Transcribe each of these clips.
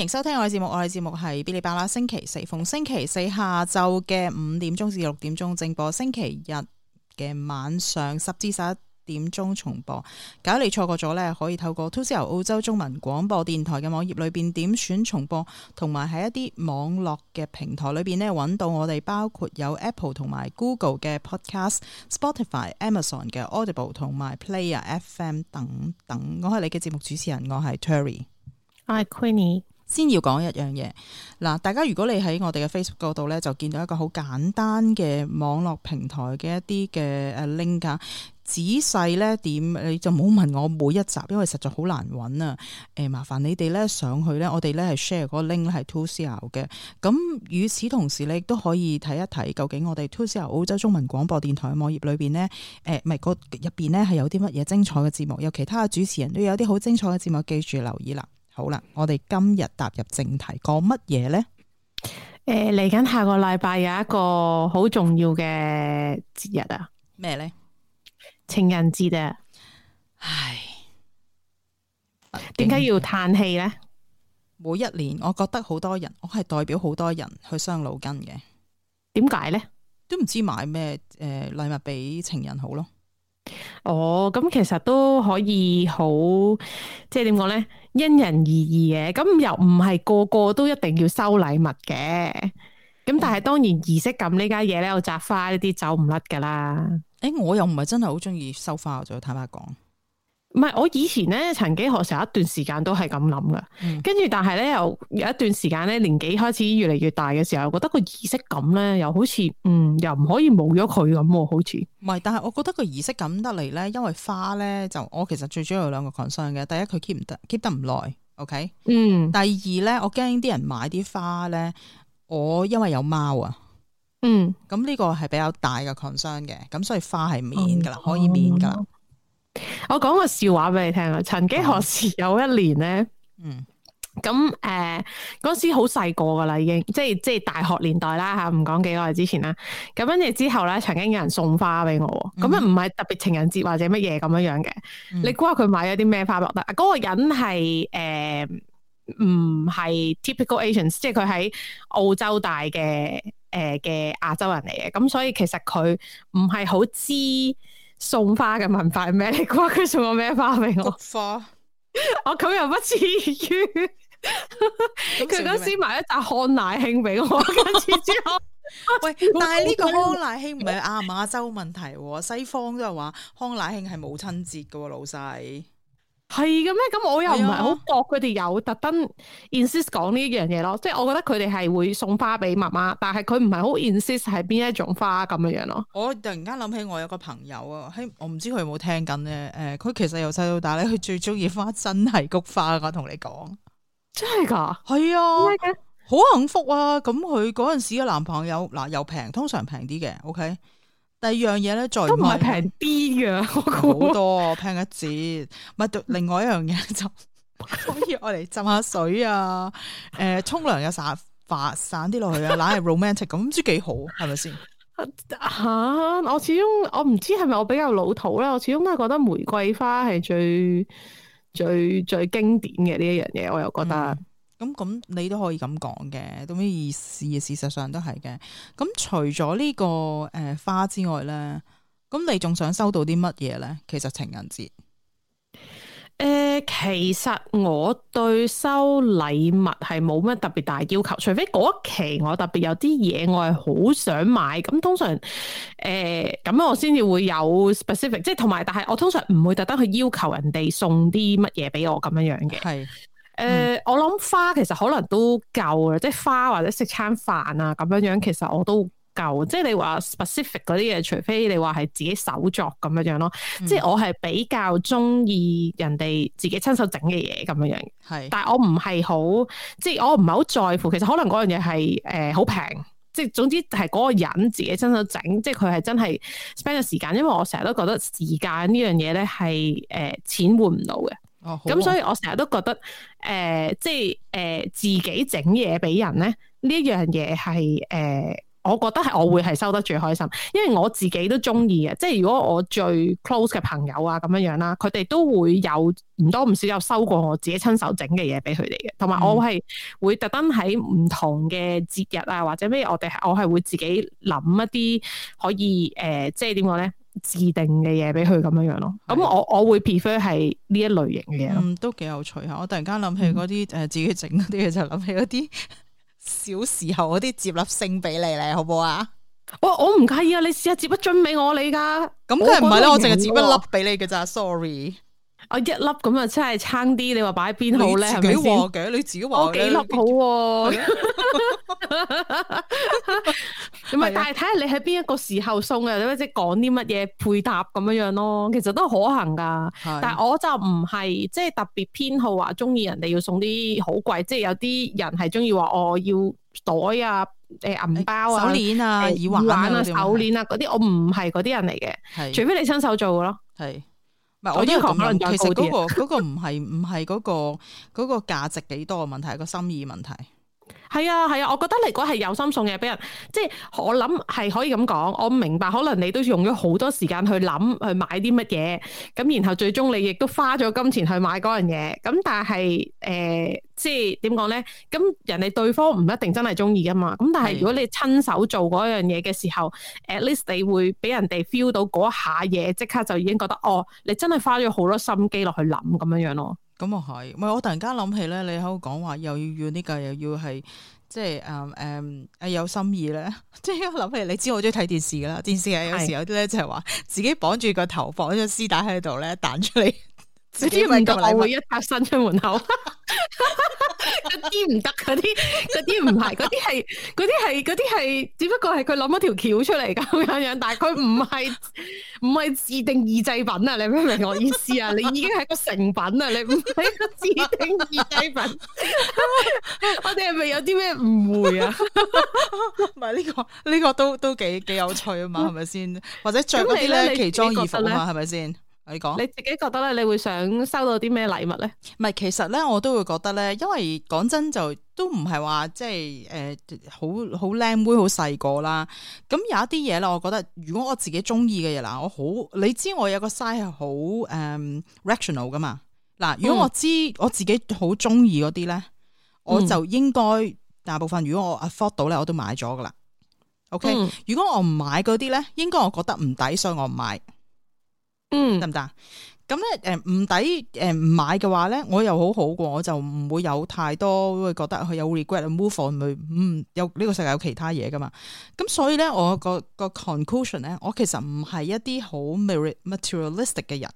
歡迎收聽我哋節目，我哋節目係嗶哩吧啦。星期四逢星期四下晝嘅五點鐘至六點鐘正播，星期日嘅晚上十至十一點鐘重播。假如你錯過咗呢，可以透過 To Show 澳洲中文廣播電台嘅網頁裏邊點選重播，同埋喺一啲網絡嘅平台裏邊呢，揾到我哋包括有 Apple 同埋 Google 嘅 Podcast、Spotify、Amazon 嘅 Audible 同埋 Player FM 等等。我係你嘅節目主持人，我係 Terry，我係 Queenie。先要講一樣嘢。嗱，大家如果你喺我哋嘅 Facebook 嗰度咧，就見到一個好簡單嘅網絡平台嘅一啲嘅誒 link 啊。仔細咧點你就唔好問我每一集，因為實在好難揾啊。誒，麻煩你哋咧上去咧，我哋咧係 share 嗰 link 係 2CR 嘅。咁與此同時你亦都可以睇一睇究竟我哋 2CR 澳洲中文廣播電台嘅網頁裏邊呢，誒、呃，唔入邊呢係有啲乜嘢精彩嘅節目，有其他嘅主持人都有啲好精彩嘅節目，記住留意啦。好啦，我哋今日踏入正題，講乜嘢呢？嚟緊、呃、下個禮拜有一個好重要嘅節日啊，咩呢？情人節啊！唉，點解要嘆氣呢？每一年，我覺得好多人，我係代表好多人去傷腦筋嘅。點解呢？都唔知買咩誒禮物俾情人好咯。哦，咁其實都可以好，即係點講呢？因人而異嘅，咁又唔係個個都一定要收禮物嘅。咁但係當然儀式感呢家嘢，呢，我摘花呢啲走唔甩噶啦。誒、欸，我又唔係真係好中意收花，我就坦白講。唔係，我以前咧，曾經學成一段時間都係咁諗噶，跟住、嗯、但係咧，又有一段時間咧，年紀開始越嚟越大嘅時候，我覺得個儀式感咧，又好似嗯，又唔可以冇咗佢咁，好似唔係，但係我覺得個儀式感得嚟咧，因為花咧就我其實最主要有兩個 concern 嘅，第一佢 keep 唔得，keep 得唔耐，OK，嗯，第二咧，我驚啲人買啲花咧，我因為有貓啊，嗯，咁呢個係比較大嘅 concern 嘅，咁所以花係免噶啦、嗯，可以免噶啦。嗯我講個笑話俾你聽啊。曾幾何時有一年咧，咁誒嗰時好細個噶啦，已經即係即係大學年代啦吓，唔、啊、講幾耐之前啦。咁跟住之後咧，曾經有人送花俾我，咁啊唔係特別情人節或者乜嘢咁樣樣嘅。嗯、你估下佢買咗啲咩花落？嗰、嗯、個人係誒唔、呃、係 typical Asians，即係佢喺澳洲大嘅誒嘅亞洲人嚟嘅。咁所以其實佢唔係好知。送花嘅文化係咩嚟？你估佢送個咩花俾我？菊花， 我咁又不至於。佢嗰時買一沓康乃馨俾我，跟住之後， 喂，但係呢個康乃馨唔係亞馬洲問題，啊，西方都係話康乃馨係母親節嘅，老細。係嘅咩？咁我又唔係好覺佢哋有特登 insist 講呢樣嘢咯，啊、即係我覺得佢哋係會送花俾媽媽，但係佢唔係好 insist 係邊一種花咁樣樣咯。我突然間諗起我有個朋友有有、呃、啊，喺我唔知佢有冇聽緊咧，誒，佢其實由細到大咧，佢最中意花真係菊花噶，我同你講，真係噶，係啊，好幸福啊！咁佢嗰陣時嘅男朋友嗱又平，通常平啲嘅，OK。第二樣嘢咧，再唔係平啲嘅，好多平 一折，唔係另外一樣嘢就好似我嚟浸下水啊，誒、呃，沖涼嘅散發散啲落去啊，懶係 romantic，咁唔知幾好，係咪先？吓、啊，我始終我唔知係咪我比較老土咧，我始終都係覺得玫瑰花係最最最經典嘅呢一樣嘢，我又覺得、嗯。咁咁，你都可以咁講嘅，咁咩意事事實上都係嘅。咁除咗呢、這個誒、呃、花之外咧，咁你仲想收到啲乜嘢咧？其實情人節誒、呃，其實我對收禮物係冇乜特別大要求，除非嗰一期我特別有啲嘢，我係好想買。咁通常誒咁樣，呃、我先至會有 specific，即係同埋，但係我通常唔會特登去要求人哋送啲乜嘢俾我咁樣樣嘅，係。誒、呃，我諗花其實可能都夠嘅，即係花或者食餐飯啊咁樣樣，其實我都夠。即係你話 specific 嗰啲嘢，除非你話係自己手作咁樣、嗯、樣咯是。即係我係比較中意人哋自己親手整嘅嘢咁樣樣。係，但係我唔係好，即係我唔係好在乎。其實可能嗰樣嘢係誒好平，即係總之係嗰個人自己親手整，即係佢係真係 spend 嘅時間。因為我成日都覺得時間呢樣嘢咧係誒錢換唔到嘅。咁、哦嗯、所以我成日都覺得，誒、呃，即係誒、呃，自己整嘢俾人咧，呢一樣嘢係誒，我覺得係我會係收得最開心，因為我自己都中意嘅，即係如果我最 close 嘅朋友啊，咁樣樣啦，佢哋都會有唔多唔少有收過我自己親手整嘅嘢俾佢哋嘅，同埋我係會特登喺唔同嘅節日啊，或者咩，我哋我係會自己諗一啲可以，誒、呃，即係點講咧？自定嘅嘢俾佢咁樣樣咯，咁的我我會 prefer 係呢一類型嘅嘢。嗯，都幾有趣吓，我突然間諗起嗰啲誒自己整嗰啲嘢就諗起嗰啲小時候嗰啲接粒星俾你咧，好唔好啊？我我唔介意啊，你試下接粒樽俾我你噶，啊，咁佢唔係咯，我淨係接粒粒俾你噶咋，sorry。我一粒咁啊，真係撐啲。你話擺喺邊好咧？唔俾嘅，你自己話我幾粒好、啊？唔係，但係睇下你喺邊一個時候送嘅，或者講啲乜嘢配搭咁樣樣咯。其實都可行噶。是但係我就唔係即係特別偏好話中意人哋要送啲好貴，即係有啲人係中意話我要袋啊、誒銀包啊、手鏈啊、耳環啊、手鏈啊嗰啲。我唔係嗰啲人嚟嘅，是除非你親手做嘅咯。係。唔係，我都係咁樣，其實嗰個嗰高田 個唔係唔係嗰個嗰個價值幾多嘅問題，係個心意問題。係啊係啊，我覺得你如果係有心送嘢俾人，即係我諗係可以咁講。我唔明白可能你都用咗好多時間去諗去買啲乜嘢，咁然後最終你亦都花咗金錢去買嗰樣嘢。咁但係誒，即係點講咧？咁人哋對方唔一定真係中意噶嘛。咁但係如果你親手做嗰樣嘢嘅時候，at least 的你會俾人哋 feel 到嗰下嘢，即刻就已經覺得哦，你真係花咗好多心機落去諗咁樣樣咯。咁啊係，唔係、嗯、我突然間諗起咧，你喺度講話又要遠啲嘅，又要係即係誒誒誒有心意咧，即係諗起你知我鍾意睇電視啦，電視嘅有時有啲咧就係話自己綁住個頭放咗絲帶喺度咧彈出嚟。 啲唔動係會一踏伸出門口，嗰啲唔得，嗰啲啲唔係，嗰啲係嗰啲係嗰啲係，只不過係佢諗一條橋出嚟，咁樣樣，但係佢唔係唔係自定義製品啊！你明唔明我意思啊？ 你已經係個成品啊！你唔係個自定義製品， 我哋係咪有啲咩誤會啊？唔係呢個呢個都都幾幾有趣啊嘛？係咪先？ 或者着嗰啲咧奇裝異服啊嘛？係咪呢先？ 你講，你自己覺得咧，你會想收到啲咩禮物咧？唔係，其實咧我都會覺得咧，因為講真就都唔係話即係誒，好好靚妹好細個啦。咁有一啲嘢咧，我覺得如果我自己中意嘅嘢嗱，我好你知我有個 size 係好誒、嗯、rational 噶嘛。嗱，如果我知我自己好中意嗰啲咧，嗯、我就應該大部分如果我 afford 到咧，我都買咗噶啦。OK、嗯、如果我唔買嗰啲咧，應該我覺得唔抵，所以我唔買。行行嗯，嗯嗯得唔得？咁咧，誒，唔抵，誒，唔買嘅話咧，我又好好過，我就唔會有太多會覺得佢有 regret move on，唔、嗯，有呢、這個世界有其他嘢噶嘛。咁、嗯嗯、所以咧，我個個 conclusion 咧，我其實唔係一啲好 materialistic 嘅人。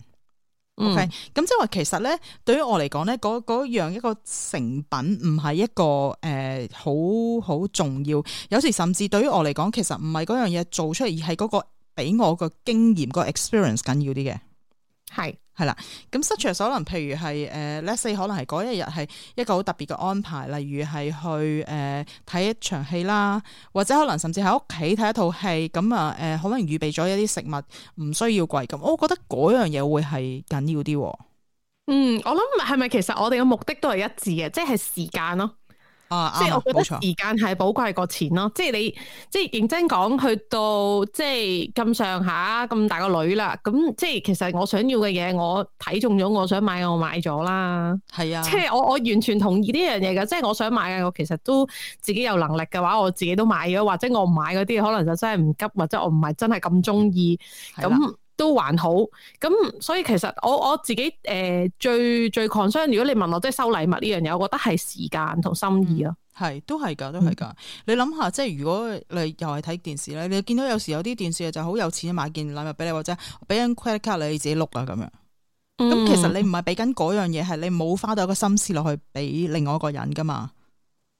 OK，咁即係話，其實咧，對於我嚟講咧，嗰嗰樣一個成品唔係一個誒，好、呃、好重要。有時甚至對於我嚟講，其實唔係嗰樣嘢做出嚟，而係嗰、嗰個。俾我經驗、那個經驗個 experience 緊要啲嘅係係啦，咁失 u c 可能譬如係誒，let's 可能係嗰一日係一個好特別嘅安排，例如係去誒睇、呃、一場戲啦，或者可能甚至喺屋企睇一套戲咁啊。誒、呃呃，可能預備咗一啲食物，唔需要貴咁，我覺得嗰樣嘢會係緊要啲。嗯，我諗係咪其實我哋嘅目的都係一致嘅，即係時間咯。啊！即係我覺得時間係寶貴過錢咯，啊、即係你即係認真講去到即係咁上下咁大個女啦，咁即係其實我想要嘅嘢我睇中咗，我想買嘅我買咗啦，係啊，即係我我完全同意呢樣嘢噶，即係我想買嘅我其實都自己有能力嘅話，我自己都買咗，或者我買嗰啲可能就真係唔急，或者我唔係真係咁中意咁。都還好，咁所以其實我我自己誒、呃、最最 concern，如果你問我即係收禮物呢樣嘢，我覺得係時間同心意咯，係都係噶，都係噶。你諗下，即係如果你又係睇電視咧，嗯、你見到有時有啲電視就好有錢買件禮物俾你，或者俾張 credit card 你自己碌啊咁樣。咁其實你唔係俾緊嗰樣嘢，係你冇花到一個心思落去俾另外一個人噶嘛。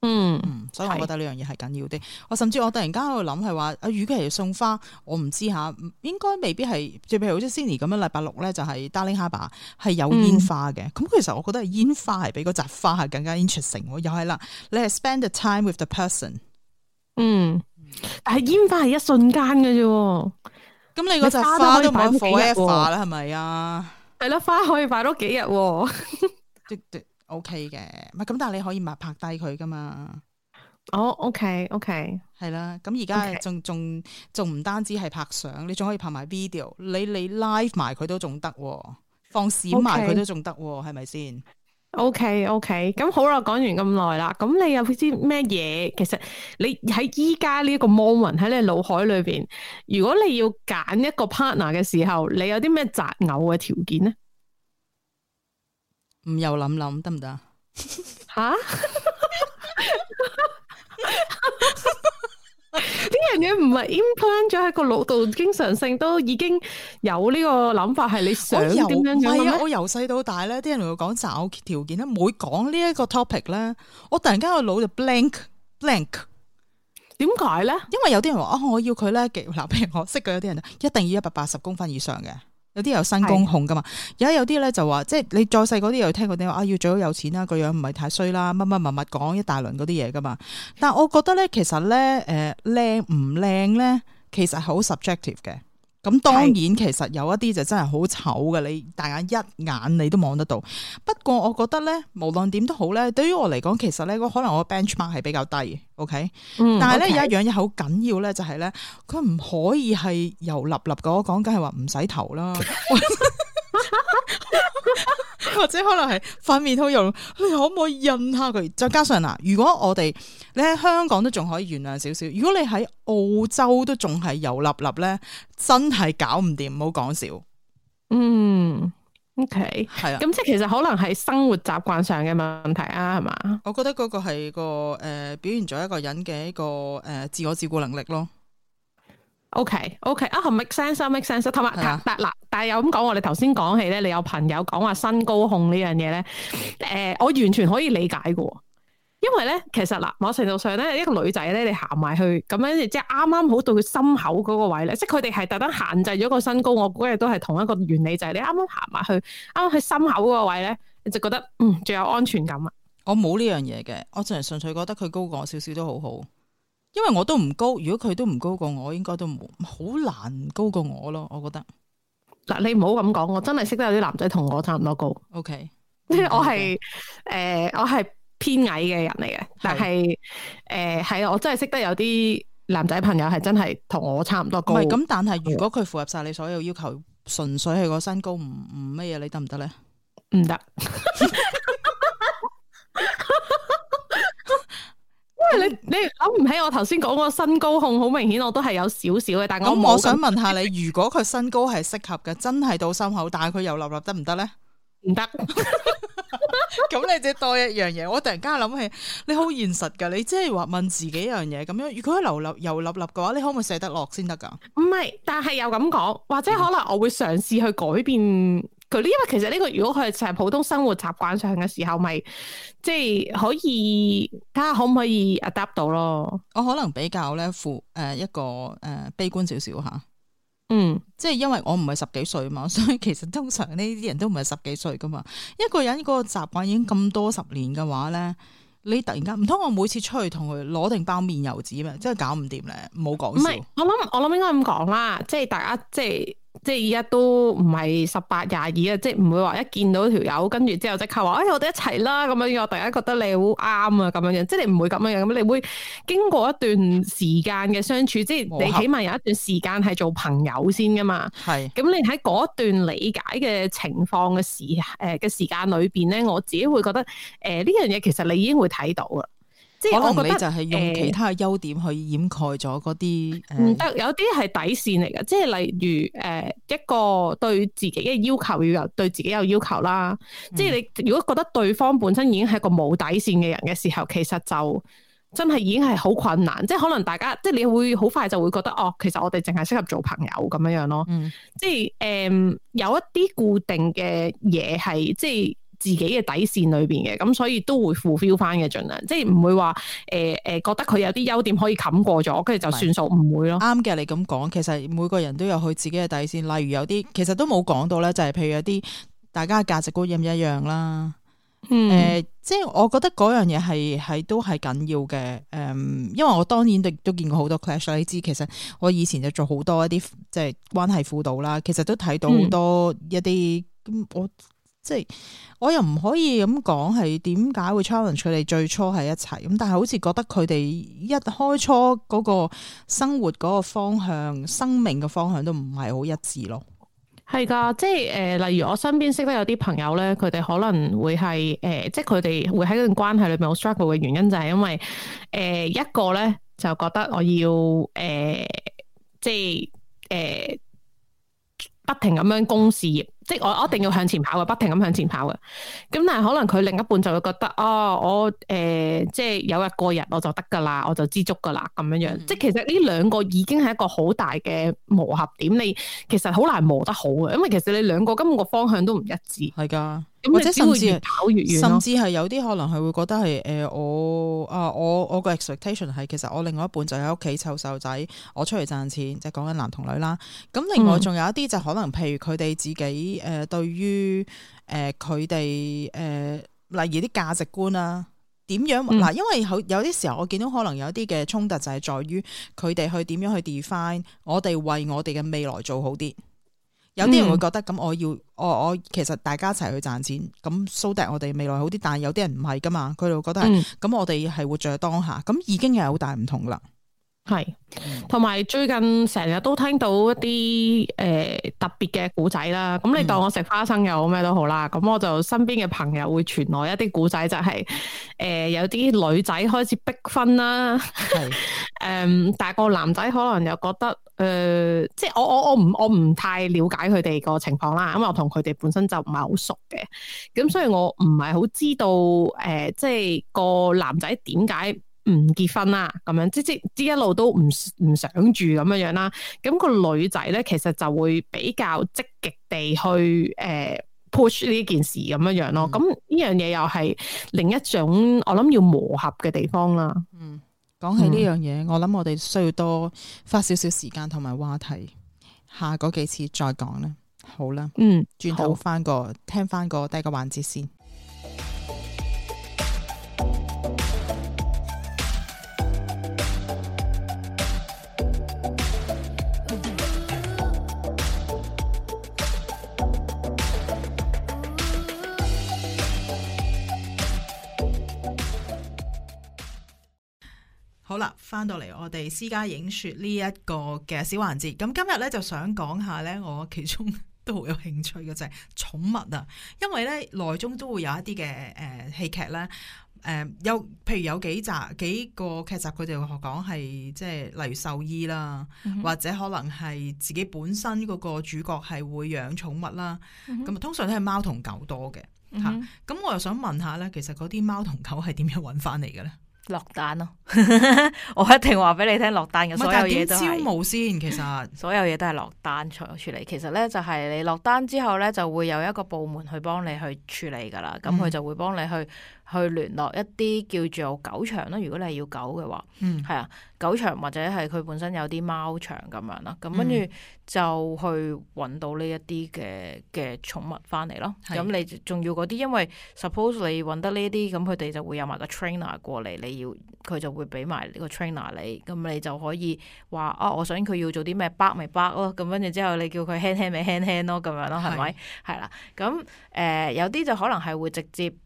嗯，所以我覺得呢樣嘢係緊要啲。我是甚至我突然間喺度諗係話，與其係送花，我唔知吓，應該未必係。最譬如好似 Cindy 咁樣禮拜六咧，就係 Darling Harbour 係有煙花嘅。咁其實我覺得係煙花係比個紮花係更加 interesting。又係啦，你係 spend the time with the person。嗯，但係煙花係一瞬間嘅啫。咁你個紮花都擺火啦，係咪啊？係啦，花可以擺多幾日。 O K 嘅，係咁、okay，但係你可以默拍低佢噶嘛？哦，O K O K，係啦，咁而家仲仲仲唔單止係拍相，你仲可以拍埋 video，你你 live 埋佢都仲得、啊，放閃埋佢都仲得、啊，係咪先？O K O K，咁好啦，講完咁耐啦，咁你有啲咩嘢？其實你喺依家呢一個 moment 喺你腦海裏邊，如果你要揀一個 partner 嘅時候，你有啲咩擇偶嘅條件呢？唔又諗諗得唔得吓！呢樣嘢唔係 influence 喺個腦度經常性都已經有呢個諗法，係你想點樣？唔係啊！我由細到大咧，啲人同我講擇偶條件咧，唔會講呢一個 topic 咧。我突然間個腦就 blank, blank blank，點解咧？為呢因為有啲人話啊、哦，我要佢咧，嗱，譬如我識嘅有啲人，一定要一百八十公分以上嘅。有啲又新工控噶嘛，而家有啲咧就話，即係你再細嗰啲又聽嗰啲話啊，要最好有錢啦，個樣唔係太衰啦，乜乜乜乜講一大輪嗰啲嘢噶嘛，但係我覺得咧、呃，其實咧，誒靚唔靚咧，其實係好 subjective 嘅。咁當然是其實有一啲就真係好醜嘅，你大眼一眼你都望得到。不過我覺得咧，無論點都好咧，對於我嚟講其實咧，我可能我 benchmark 係比較低，OK？嗯、但係咧 Okay 有一樣嘢好緊要咧、就是，就係咧，佢唔可以係油立立嘅，我講緊係話唔洗頭啦。 或者可能係塊面好油，你可唔可以印下佢？再加上嗱，如果我哋你喺香港都仲可以原諒少少，如果你喺澳洲都仲係油立立咧，真係搞唔掂，唔好講笑。嗯，OK，係啊，咁即係其實可能係生活習慣上嘅問題啊，係嘛？我覺得嗰個係個誒、呃，表現咗一個人嘅一個誒、呃，自我照顧能力咯。O K，O K，啊，係咪 make sense 啊？make sense，同埋，但嗱，但係又咁講，我哋頭先講起咧，你有朋友講話身高控呢樣嘢咧，誒、呃，我完全可以理解嘅，因為咧，其實嗱，某程度上咧，一個女仔咧，你行埋去咁樣，即係啱啱好到佢心口嗰個位咧，即係佢哋係特登限制咗個身高，我估嘅都係同一個原理，就係、是、你啱啱行埋去，啱啱去心口嗰個位咧，你就覺得嗯，仲有安全感啊！我冇呢樣嘢嘅，我純粹純粹覺得佢高過我少少都好好。因為我都唔高，如果佢都唔高過我，應該都唔好難高過我咯。我覺得嗱，你唔好咁講，我真係識得有啲男仔同我差唔多高。O Okay , K， 即係我係誒、呃，我係偏矮嘅人嚟嘅，的但係誒係，我真係識得有啲男仔朋友係真係同我差唔多高。唔係咁，但係如果佢符合晒你所有要求，純 粹係個身高唔唔乜嘢，你得唔得咧？唔得。你諗唔起我頭先講個身高控好明顯，我都係有少少嘅。但係我冇。咁我想問下你，如果佢身高係適合嘅，真係到心口，但係佢又立立得唔得咧？唔得。咁你就多一樣嘢。我突然間諗起，你好現實噶，你即係話問自己一樣嘢，咁樣如果佢立立又立立嘅話，你可唔可以捨得落先得噶？唔係，但係又咁講，或者可能我會嘗試去改變。佢呢？因為其實呢個如果佢成係普通生活習慣上嘅時候，咪即係可以睇下可唔可以 adapt 到咯。我可能比較咧負誒一個誒、呃、悲觀少少吓。嗯，即係因為我唔係十幾歲嘛，所以其實通常呢啲人都唔係十幾歲噶嘛。一個人個習慣已經咁多十年嘅話咧，你突然間唔通我每次出去同佢攞定包麵油紙咩？即係搞唔掂咧！唔好講笑。唔係，我諗我諗應該咁講啦，即係大家即係。即係而家都唔係十八廿二啊！即係唔會話一見到條友，跟住之後即刻話，哎，我哋一齊啦！咁樣我突然間覺得你好啱啊！咁樣樣，即係你唔會咁樣樣，咁你會經過一段時間嘅相處，即係你起碼有一段時間係做朋友先噶嘛。係是，咁你喺嗰段理解嘅情況嘅時誒嘅、呃、時間裏邊咧，我自己會覺得誒呢、呃、樣嘢其實你已經會睇到啊。可能你就係用其他優點去掩蓋咗嗰啲，唔、呃、得有啲係底線嚟㗎。即係例如誒、呃、一個對自己嘅要求，要有對自己有要求啦。嗯、即係你如果覺得對方本身已經係一個冇底線嘅人嘅時候，其實就真係已經係好困難。即係可能大家即係你會好快就會覺得哦，其實我哋淨係適合做朋友咁樣樣咯。嗯、即係誒、呃、有一啲固定嘅嘢係即係。自己嘅底線裏邊嘅，咁所以都會負 feel 翻嘅，盡量即係唔會話誒誒，覺得佢有啲優點可以冚過咗，跟住的就算數唔會咯。啱嘅，你咁講，其實每個人都有佢自己嘅底線。例如有啲其實都冇講到咧，就係、是、譬如有啲大家價值觀一唔一樣啦。誒、嗯呃，即係我覺得嗰樣嘢係係都係緊要嘅。誒、嗯，因為我當然都都見過好多 clash 你知其實我以前就做好多一啲即係關係輔導啦，其實都睇到好多一啲咁、嗯、我。即係我又唔可以咁講，係點解會 challenge 佢哋最初喺一齊咁？但係好似覺得佢哋一開初嗰個生活嗰個方向、生命嘅方向都唔係好一致咯。係噶，即係誒、呃，例如我身邊識得有啲朋友咧，佢哋可能會係誒、呃，即係佢哋會喺嗰段關係裏面好 struggle 嘅原因，就係因為誒、呃、一個咧就覺得我要誒、呃，即係誒、呃，不停咁樣攻事業。即我一定要向前跑嘅，不停咁向前跑嘅。咁但係可能佢另一半就會覺得，哦，我誒、呃、即係有日過日我就得噶啦，我就知足噶啦咁樣樣。嗯、即係其實呢兩個已經係一個好大嘅磨合點，你其實好難磨得好嘅，因為其實你兩個根本個方向都唔一致。係噶的，越跑越遠或者甚至甚至係有啲可能係會覺得係誒、呃、我啊我我個 expectation 係，其實我另外一半就喺屋企湊細路仔，我出嚟賺錢，即係講緊男同女啦。咁另外仲有一啲就可能，譬如佢哋自己、嗯。誒、呃，對於誒佢哋誒，例如啲價值觀啊，點樣嗱？嗯、因為有有啲時候我見到可能有一啲嘅衝突就係在於佢哋去點樣去 define 我哋為我哋嘅未來做好啲。有啲人會覺得咁，我要我我其實大家一齊去賺錢，咁 so that 我哋未來好啲。但係有啲人唔係噶嘛，佢就覺得係咁，嗯、我哋係活在當下，咁已經係好大唔同噶啦。係，同埋最近成日都聽到一啲誒、呃、特別嘅古仔啦。咁、嗯、你當我食花生又好咩都好啦。咁我就身邊嘅朋友會傳來一啲古仔，就係、是、誒、呃、有啲女仔開始逼婚啦。係是，誒、 嗯，但係個男仔可能又覺得誒、呃，即係我我我唔我唔太了解佢哋個情況啦。因為我同佢哋本身就唔係好熟嘅，咁所以我唔係好知道誒、呃，即係個男仔點解？唔結婚啦，咁樣即即即一路都唔唔想住咁樣樣啦。咁、那個女仔咧，其實就會比較積極地去誒 push 呢件事咁樣、嗯、樣咯。咁呢樣嘢又係另一種我諗要磨合嘅地方啦。嗯，講起呢樣嘢，嗯、我諗我哋需要多花少少時間同埋話題下嗰幾次再講啦。好啦，嗯，轉到翻個聽翻個第二個環節先。好啦，翻到嚟我哋詩家影說呢一個嘅小環節，咁今日咧就想講下咧，我其中都好有興趣嘅就係、是、寵物啊，因為咧內中都會有一啲嘅誒戲劇咧，誒、呃、有譬如有幾集幾個劇集，佢哋會講係即係例如獸醫啦，mm hmm. 或者可能係自己本身嗰個主角係會養寵物啦，咁、mm hmm. 通常都係貓同狗多嘅吓，咁、mm hmm. 我又想問下咧，其實嗰啲貓同狗係點樣揾翻嚟嘅咧？落單咯， 我一定話俾你聽，落單嘅所有嘢都係。消磨先，其實所有嘢都係落單處處理。 其實咧就係你落單之後咧，就會有一個部門去幫你、嗯、你去處理噶啦。咁佢就會幫你去。去聯絡一啲叫做狗場啦，如果你係要狗嘅話，嗯，係啊，狗場或者係佢本身有啲貓場咁樣啦，咁跟住就去揾到呢一啲嘅嘅寵物翻嚟咯。咁的你仲要嗰啲，因為 suppose 你揾得呢啲，咁佢哋就會有埋個 trainer 過嚟，你要佢就會俾埋個 trainer 你，咁你就可以話啊，我想佢要做啲咩 back 咪 back 咯，咁跟住之後你叫佢 hand hand 咪 hand hand 咯，咁樣咯，係咪？係啦，咁誒有啲就可能係會直接。的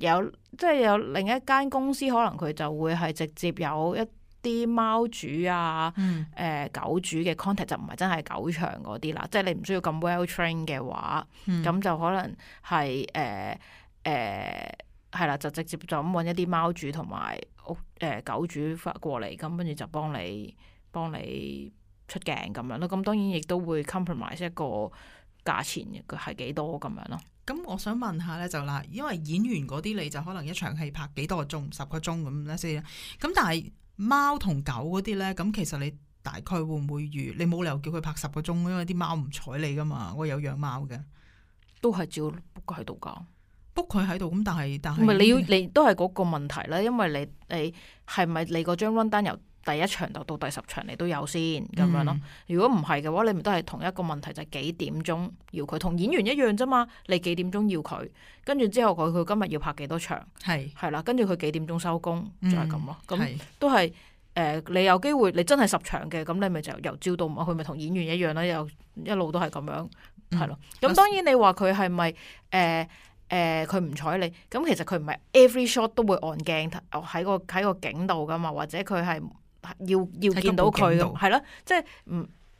有即係有另一間公司，可能佢就會係直接有一啲貓主啊，誒、嗯呃、狗主嘅 content 就唔係真係狗場嗰啲啦，即係你唔需要咁 well trained 嘅話，咁、嗯、就可能係誒誒係啦，就直接就咁搵一啲貓主同埋屋誒、呃、狗主發過嚟，咁跟住就幫你幫你出鏡咁樣咯。咁當然亦都會 compromise 一個價錢嘅，佢係幾多咁樣咯。咁我想問下咧，就啦，因為演員嗰啲你就可能一場戲拍幾多個鐘、十個鐘咁咧先。咁但係貓同狗嗰啲咧，咁其實你大概會唔會預？你冇理由叫佢拍十個鐘，因為啲貓唔睬你噶嘛。我有養貓嘅，都係照 book 喺度噶，book 佢喺度。咁但係是但係是，唔係你要你都係嗰個問題啦。因為你你係咪你嗰張 run down？第一場就到第十場你都有先咁樣咯。如果唔係嘅話，你咪都係同一個問題，就係幾點鐘要佢同演員一樣啫嘛。你幾點鐘要佢，跟住之後佢佢今日要拍幾多場，係係是啦。跟住佢幾點鐘收工就係咁咯。咁都係誒、呃，你有機會你真係十場嘅，咁你咪就由朝到晚，佢咪同演員一樣，一樣啦，又一路都係咁樣係咯。咁當然你話佢係咪誒誒佢唔睬你？咁其實佢唔係 every shot 都會按鏡喺個喺個景度噶嘛，或者佢係。要要見到佢，係咯，即係唔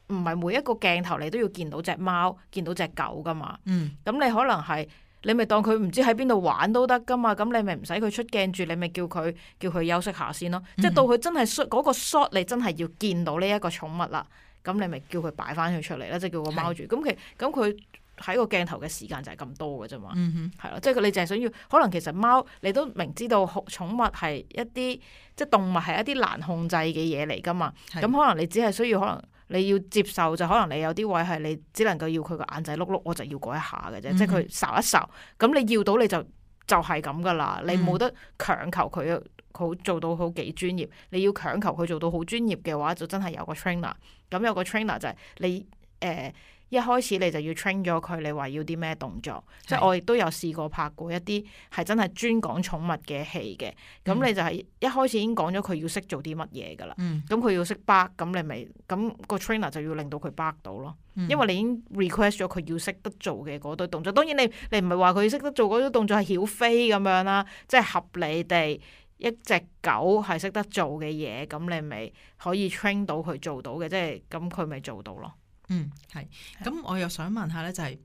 唔係每一個鏡頭你都要見到隻貓見到隻狗噶嘛？嗯，咁你可能係你咪當佢唔知喺邊度玩都得噶嘛？咁你咪唔使佢出鏡住，你咪叫佢叫佢休息下先咯。嗯、哼即係到佢真係嗰、嗰個 shot，你真係要見到呢一個寵物啦。咁你咪叫佢擺翻佢出嚟啦，即係叫個貓住。咁佢咁佢。喺個鏡頭嘅時間就係咁多嘅啫嘛，係咯、嗯哼，即係、就是、你淨係想要，可能其實貓你都明知道寵，好寵物係一啲即係動物係一啲難控制嘅嘢嚟噶嘛，咁是可能你只係需要，可能你要接受就可能你有啲位係你只能夠要佢個眼仔碌碌，我就要嗰一下嘅啫，嗯、哼即係佢睄一睄，咁你要到你就就係咁噶啦，你冇得強求佢好做到好幾專業，你要強求佢做到好專業嘅話，就真係有個 trainer，咁有個 trainer 就係你誒。呃一開始你就要 train 咗佢，你話要啲咩動作？是即係我亦都有試過拍過一啲係真係專講寵物嘅戲嘅。咁、嗯、你就係一開始已經講咗佢要識做啲乜嘢噶啦。咁佢、嗯嗯、要識 back，咁你咪咁個 trainer 就要令到佢 back 到咯。嗯、因為你已經 request 咗佢要識得做嘅嗰堆動作。當然你你唔係話佢要識得做嗰堆動作係曉飛咁樣啦、啊，即、就、係、是、合理地一隻狗係識得做嘅嘢，咁你咪可以 train 到佢做到嘅，即係咁佢咪做到咯。嗯，係，咁我又想問下咧，就係、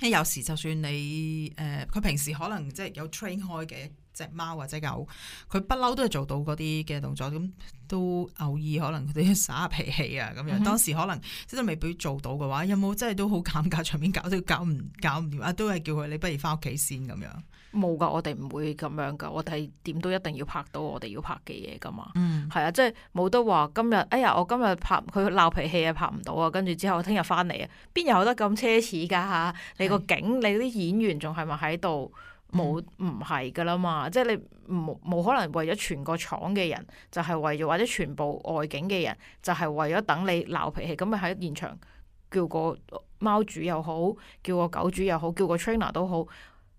是，有時就算你，誒、呃，佢平時可能即係有 train 開嘅一隻貓或者狗，佢不嬲都係做到嗰啲嘅動作，咁都偶爾可能佢哋耍下脾氣啊，咁樣，當時可能即係未必做到嘅話，有冇真係都好尷尬，場面搞都搞唔搞唔掂啊？都係叫佢你不如翻屋企先咁樣。冇噶，我哋唔會咁樣噶。我哋係點都一定要拍到我哋要拍嘅嘢噶嘛。嗯，係啊，即係冇得話，今日哎呀，我今日拍佢鬧脾氣啊，拍唔到啊。跟住之後，聽日翻嚟啊，邊有得咁奢侈噶？你個景，是你啲演員仲係咪喺度冇唔係噶啦嘛？即係你冇冇可能為咗全個廠嘅人，就係、是、為咗或者全部外景嘅人，就係、是、為咗等你鬧脾氣咁啊？喺現場叫個貓主又好，叫個狗主又好，叫個 trainer 都好。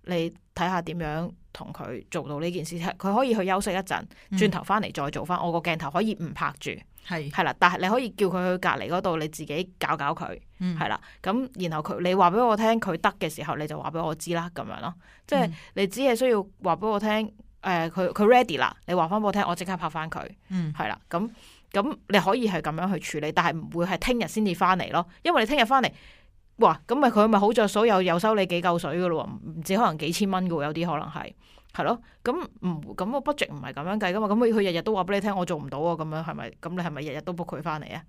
你睇下點樣同佢做到呢件事？佢可以去休息一陣，嗯、轉頭翻嚟再做翻。我個鏡頭可以唔拍住，係係啦。但係你可以叫佢去隔籬嗰度，你自己搞搞佢，係啦、嗯。咁然後佢，你話俾我聽佢得嘅時候，你就話俾我知啦。咁樣咯，即係你只係需要話俾我聽，誒、呃，佢佢 ready 啦。你話翻俾我聽，我即刻拍翻佢。嗯，係啦。咁咁你可以係咁樣去處理，但係唔會係聽日先至翻嚟咯。因為你聽日翻嚟。哇，咁咪佢咪好著數，又又收你幾嚿水噶咯？唔，唔止可能幾千蚊噶，有啲可能係係咯。咁唔咁個 budget 唔係咁樣計噶嘛。咁佢佢日日都話俾你聽，我做唔到啊。咁樣係咪？咁你係咪日日都 book 佢翻嚟啊？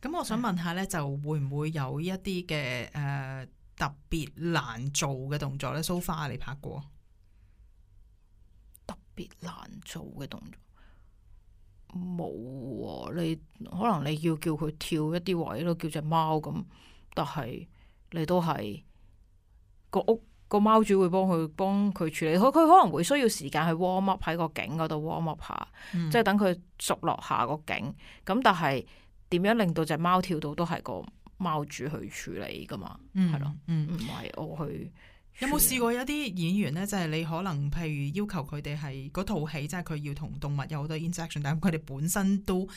咁我想問下咧，就會唔會有一啲嘅誒特別難做嘅動作咧？So far 你拍過特別難做嘅動作冇啊？你可能你要叫佢跳一啲位咯，叫隻貓咁，但係，你都係個屋個貓主會幫佢幫佢處理，佢佢可能會需要時間去 warm up 喺，個頸嗰度 warm up 下，嗯、即係等佢熟落下個頸。咁但係點樣令到隻貓跳到都係個貓主去處理噶嘛係咯，唔係我去有冇試過有啲演員咧，就係、是、你可能譬如要求佢哋係嗰套戲，即係佢要同動物有好多 interaction，但係佢哋本身都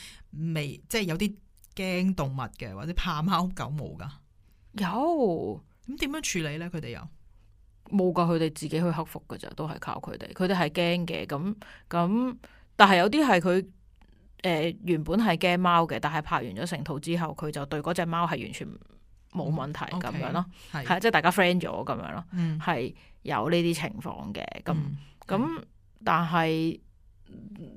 未即係、就是、有啲驚動物嘅，或者怕貓狗毛噶。有咁點樣處理咧？佢哋有冇噶？佢哋自己去克服噶咋，都係靠佢哋。佢哋係驚嘅，咁咁，但係有啲係佢誒原本係驚貓嘅，但係拍完咗成套之後，佢就對嗰隻貓係完全冇問題咁、嗯 okay，樣咯，係、係、即係大家 friend 咗咁樣咯，係、嗯、有呢啲情況嘅。咁咁，但係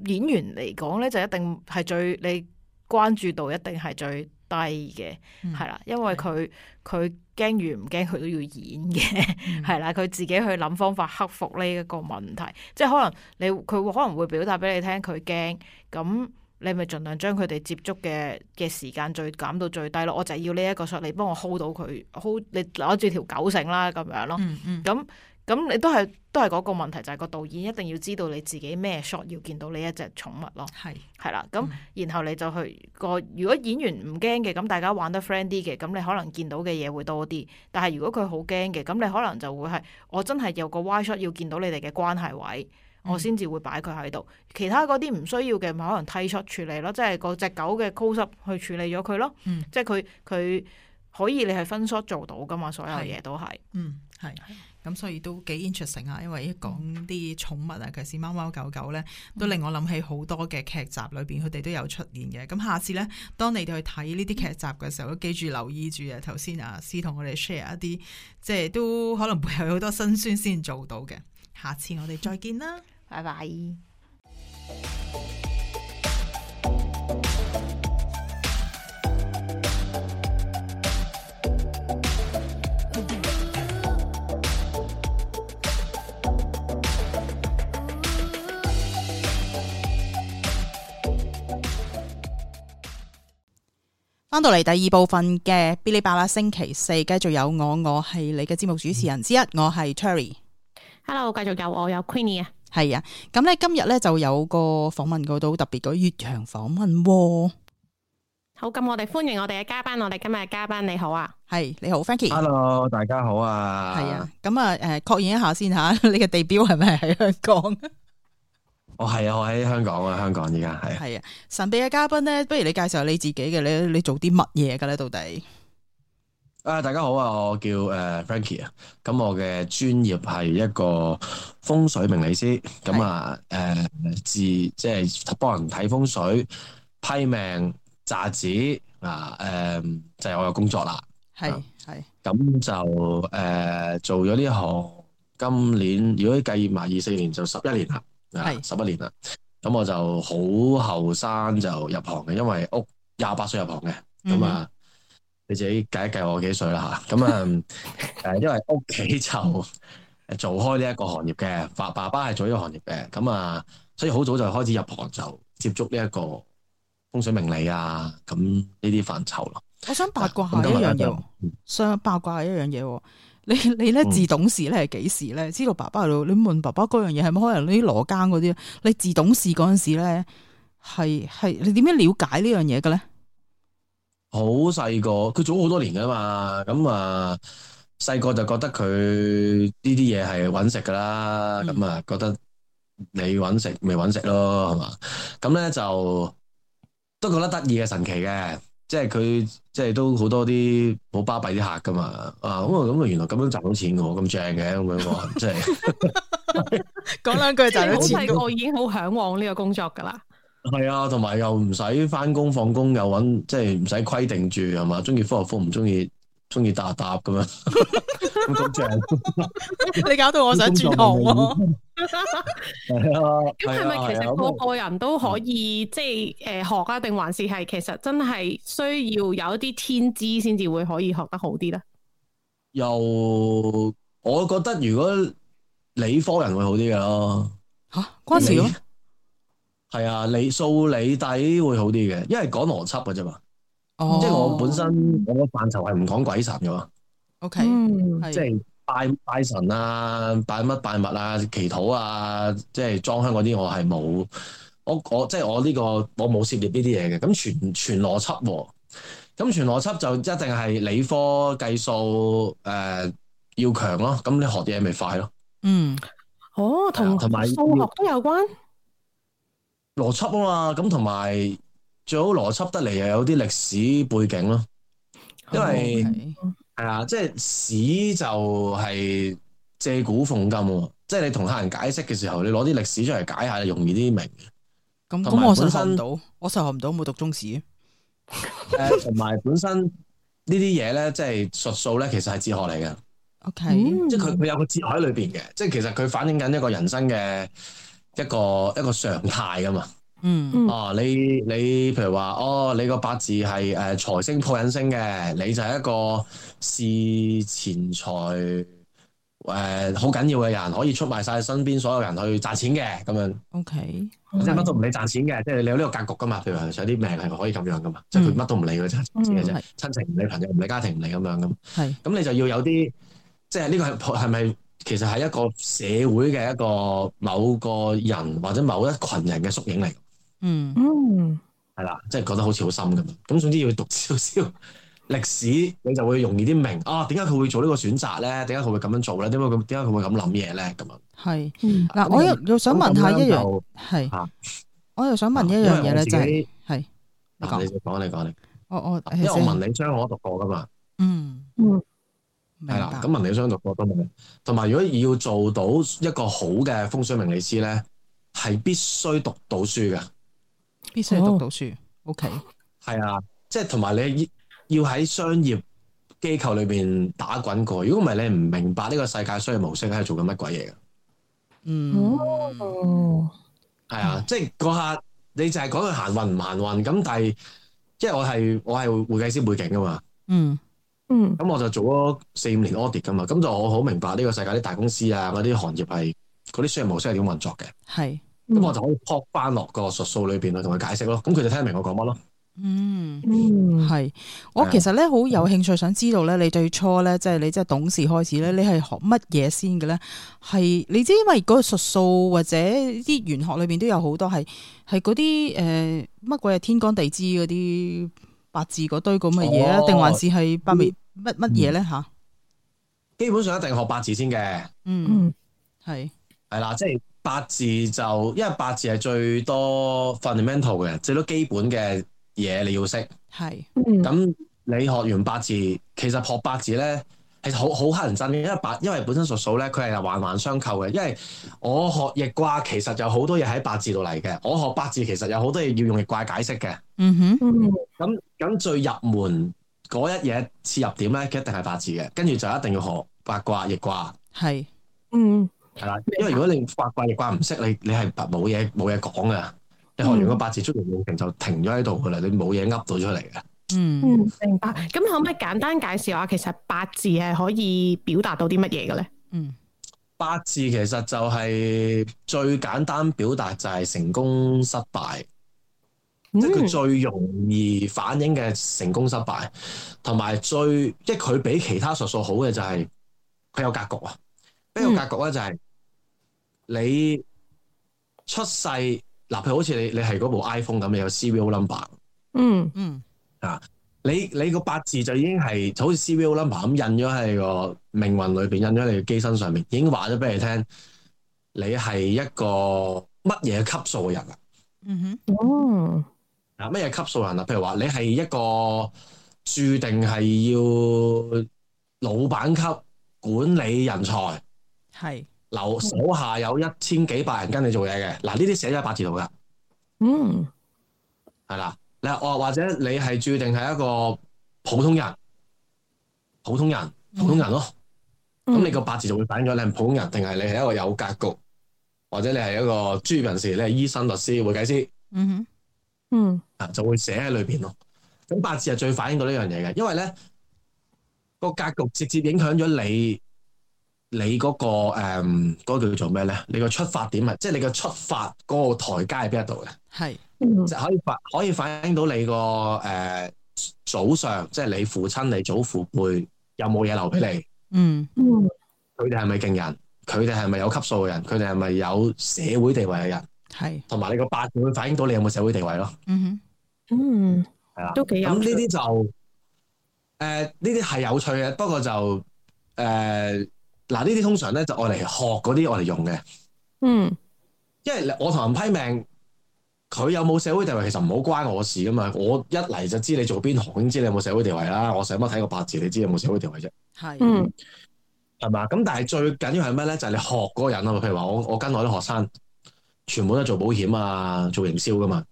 演員嚟講咧，就一定係最，你關注度一定係最。低嘅係啦，因為佢佢驚完唔驚佢都要演嘅係啦，佢、嗯、 自己去諗方法克服呢一個問題，即係可能你佢可能會表達俾你聽佢驚，咁你咪盡量將佢哋接觸嘅嘅時間最減到最低咯，我就要呢一個 shot，你幫我 hold 到佢 hold，你攞住條狗繩啦咁樣咯，咁、嗯。嗯咁你都係都係嗰個問題，就係、是、個導演一定要知道你自己咩 shot 要見到你一隻寵物咯。係係是啦，咁、嗯、然後你就去個如果演員唔驚嘅，咁大家玩得 friend 啲嘅，咁你可能見到嘅嘢會多啲。但係如果佢好驚嘅，咁你可能就會係我真係有個 Y shot 要見到你哋嘅關係位，嗯、我先至會擺佢喺度。其他嗰啲唔需要嘅，咪可能 tight shot 處理咯，即係嗰隻狗嘅 close 去處理咗佢咯。嗯、即係佢佢可以你係分 shot 做到噶嘛？所有嘢都係。嗯，係。咁所以都幾 interesting 啊！因為一講啲寵物啊，尤其是貓貓狗狗咧，都令我諗起好多嘅劇集裏邊佢哋都有出現嘅。咁下次咧，當你哋去睇呢啲劇集嘅時候，都記住留意住啊！頭先阿詩同我哋 share 一啲，即係都可能會有好多辛酸先做到嘅。下次我哋再見啦，拜拜。翻到嚟第二部分嘅 Bilibala，星期四繼續有我，我係你嘅節目主持人之一，我係 Terry。Hello，繼續有我，有 Queenie 啊，係啊。咁咧今日咧就有個訪問個都特別個越洋訪問。問好，咁我哋歡迎我哋嘅嘉賓，我哋今日嘅嘉賓你好啊，係你好，Franky。Hello, Thank you. Hello，大家好啊，係啊。咁、嗯、啊，誒確認一下先吓， 你嘅地標係咪喺香港？我係啊，我喺香港啊，香港而家係啊。神秘嘅嘉賓咧，不如你介紹下你自己嘅，你你做啲乜嘢嘅咧？到底啊，大家好啊，我叫誒 Franky 啊。咁、呃呃、我嘅專業係一個風水命理師，咁啊誒，自即係幫人睇風水、批命、紮紙啊，誒、呃、就係、是、我嘅工作啦。係係咁就誒、呃、做咗呢行，今年如果計埋二四年就十一年啦。係十一年啦，咁我就好後生就入行嘅，因為屋廿八歲入行嘅。咁、嗯、啊你自己計一計我幾歲啦吓，咁啊，誒， 因為屋企就做開呢一個行業嘅，爸爸爸係做呢個行業嘅，咁啊，所以好早就開始入行就接觸呢一個風水命理啊，咁呢啲範疇咯。我想八卦、嗯、下一樣嘢，想八卦下一樣嘢。你你咧自懂事咧係幾時咧？嗯、知道爸爸喺度你問爸爸嗰樣嘢係咪可能？啲羅庚嗰啲，你自懂事嗰陣時咧係係你點樣了解呢樣嘢嘅咧？好細個，佢做好多年噶嘛，咁啊細個就覺得佢呢啲嘢係揾食噶啦，咁啊、嗯、覺得你揾食咪揾食咯，係嘛、嗯？咁咧就，都覺得得意嘅神奇嘅。即係佢，即係都好多啲好巴閉啲客噶嘛，啊，咁啊，咁啊，原來咁樣賺到錢嘅，咁正嘅，咁樣，即係講兩句就好。好細 我也已經好向往呢個工作噶啦，係啊，同埋又唔使翻工放工，又搵，即係唔使規定住，係嘛，中意科學科唔中意，中意搭搭咁樣，咁 正，你搞到我想轉行。係啊，咁係咪其實個個人都可以、啊、即係誒、呃、學啊？定還是係其實真係需要有一啲天資先至會可以學得好啲咧？又我覺得如果理科人會好啲嘅咯，吓，嗰陣時咯，係啊，啊，你數理底會好啲嘅，因為講邏輯嘅啫嘛。哦，即係我本身我嘅範疇係唔講鬼神嘅嘛。O Okay . K，嗯，是即係。拜拜神啊，拜乜拜物啊，祈禱啊，即係裝香嗰啲，我係冇，我我即係我呢個我冇涉獵呢啲嘢嘅。咁全全邏輯，咁全邏輯就一定係理科計數誒要強咯。咁你學嘢咪快咯？嗯，哦，同數學都有關邏輯啊嘛。咁同埋最好邏輯得嚟又有啲歷史背景咯，因為。係啊，即係史就係借古諷今，即係你同客人解釋嘅時候，你攞啲歷史出嚟解，解下，就容易啲明。咁咁那我受唔到，我受唔到，冇讀中史。誒、 呃，同埋本身呢啲嘢咧，即係術數咧，其實係哲學嚟嘅。O Okay . K，、嗯、即係佢佢有個哲學喺裏邊嘅，即係其實佢反映緊一個人生嘅一個、嗯、一個常態㗎嘛。嗯、mm hmm. 哦，哦，你你，譬如話哦，你個八字係誒財星破印星嘅，你就係一個視錢財誒好緊要嘅人，可以出賣晒身邊所有人去賺錢嘅咁樣。O、okay. K，、mm hmm. 即係乜都唔理賺錢嘅，即係你有呢個格局噶嘛。譬如有啲命係可以咁樣噶嘛，即係佢乜都唔理嘅啫，錢嘅啫，親情唔理，朋友唔理，家庭唔理咁樣噶嘛。係，咁、mm hmm. 你就要有啲即係呢、這個係係咪其實係一個社會嘅一個某個人或者某一群人嘅縮影嚟？嗯嗯，係啦，即係覺得好似好深咁。咁總之要讀少少歷史，你就會容易啲明啊。點解佢會做呢個選擇咧？點解佢會咁樣做咧？點解佢點解佢會咁諗嘢咧？咁啊，係嗱，我又想問下一樣係，我又想問一樣嘢咧，就係嗱，你講你講你講你我我因為我文理雙我讀過噶嘛，嗯嗯，係啦，咁文理雙讀過都冇，同埋如果要做到一個好嘅風水命理師咧，係必須讀到書嘅。必須係讀到書，oh，OK。啊，係啊，即係同埋你要喺商業機構裏邊打滾過。如果唔係，你唔明白呢個世界商業模式喺度做緊乜鬼嘢嘅。嗯。係啊，即係嗰下，你就係講佢行運唔行運。咁但係，即係我係我係會計師背景噶嘛。嗯。嗯。咁我就做咗四五年 audit 噶嘛，咁就我好明白呢個世界啲大公司啊，嗰啲行業係嗰啲商業模式係點運作嘅。係。咁我就可以撲翻落個術數裏邊去同佢解釋咯，咁佢就聽明我講乜咯。嗯，係、嗯，是我其實咧好有興趣想知道咧，你最初咧即係你即係懂事開始咧，你係學乜嘢先嘅咧？係你知因為嗰個術數或者啲玄學裏邊都有好多係係嗰啲誒乜鬼係天干地支嗰啲八字嗰堆咁嘅嘢啊？定、哦、還是係八乜乜嘢咧？吓、嗯，基本上一定學八字先嘅。嗯，係，係啦，即係。八字就，因為八字係最多 fundamental 嘅，最多基本嘅嘢你要識。係。咁、嗯、你學完八字，其實學八字咧係好好乞人憎嘅，因為八因為本身屬數咧，佢係環環相扣嘅。因為我學易卦其實有好多嘢喺八字度嚟嘅，我學八字其實有好多嘢要用易卦解釋嘅。嗯哼。咁咁最入門嗰一嘢切入點咧，一定係八字嘅，跟住就一定要學八卦易卦。係。嗯。係啦，因為如果你八卦嘅卦唔識你，你係冇嘢冇嘢講嘅。嗯、你學完個八字出嚟，用程就停咗喺度噶啦，你冇嘢噏到出嚟嘅。嗯，明白。咁可唔可以簡單介紹下，其實八字係可以表達到啲乜嘢嘅咧？嗯，八字其實就係最簡單表達就係成功失敗，即係佢最容易反映嘅成功失敗，同埋最即係佢比其他術數好嘅就係佢有格局啊。咩叫格局咧？嗯？就係。你出世嗱，譬如好似你你係嗰部 iPhone 咁，你有 C.V.O. number。嗯。嗯嗯。啊，你你個八字就已經係就好似 C.V.O. number 咁印咗喺個命運裏邊，印咗喺你個機身上面，已經話咗俾你聽，你係一個乜嘢級數嘅人啊？嗯哼，哦。啊，乜嘢級數人啊？譬如話你係一個注定係要老闆級管理人才。係。留手下有一千幾百人跟你做嘢嘅，嗱呢啲寫咗喺八字度噶，嗯，係啦，你或或者你係注定係一個普通人，普通人，普通人咯，咁、嗯、你個八字就會反映咗你係普通人定係你係一個有格局，或者你係一個專業人士，你係醫生、律師、會計師，嗯哼，嗯，啊就會寫喺裏邊咯，咁八字係最反映到呢樣嘢嘅，因為咧、呢個格局直接影響咗你。你嗰、那個誒，嗰、嗯那個叫做咩咧？你個出發點啊，即係你個出發嗰個台階喺邊一度嘅，係是，就可以反可以反映到你個誒祖上，即係你父親、你祖父輩有冇嘢留俾你？嗯佢哋係咪勁人？佢哋係咪有級數嘅人？佢哋係咪有社會地位嘅人？係是，同埋你個八字會反映到你有冇社會地位咯。嗯哼嗯，係啦，都幾咁呢啲就誒呢啲係有趣嘅、呃，不過就誒。呃嗱呢啲通常咧就我嚟學嗰啲我嚟用嘅，嗯，因為我同人批命，佢有冇社會地位其實唔好關我事噶嘛，我一嚟就知你做邊行，已經知你有冇社會地位啦。我使乜睇個八字，你知你有冇社會地位啫？係，嗯，係、就是、嘛？咁但係最緊要係咩咧？就係你學嗰個人啊嘛。譬如話我我跟我啲學生，全部都做保險啊，做營銷噶嘛。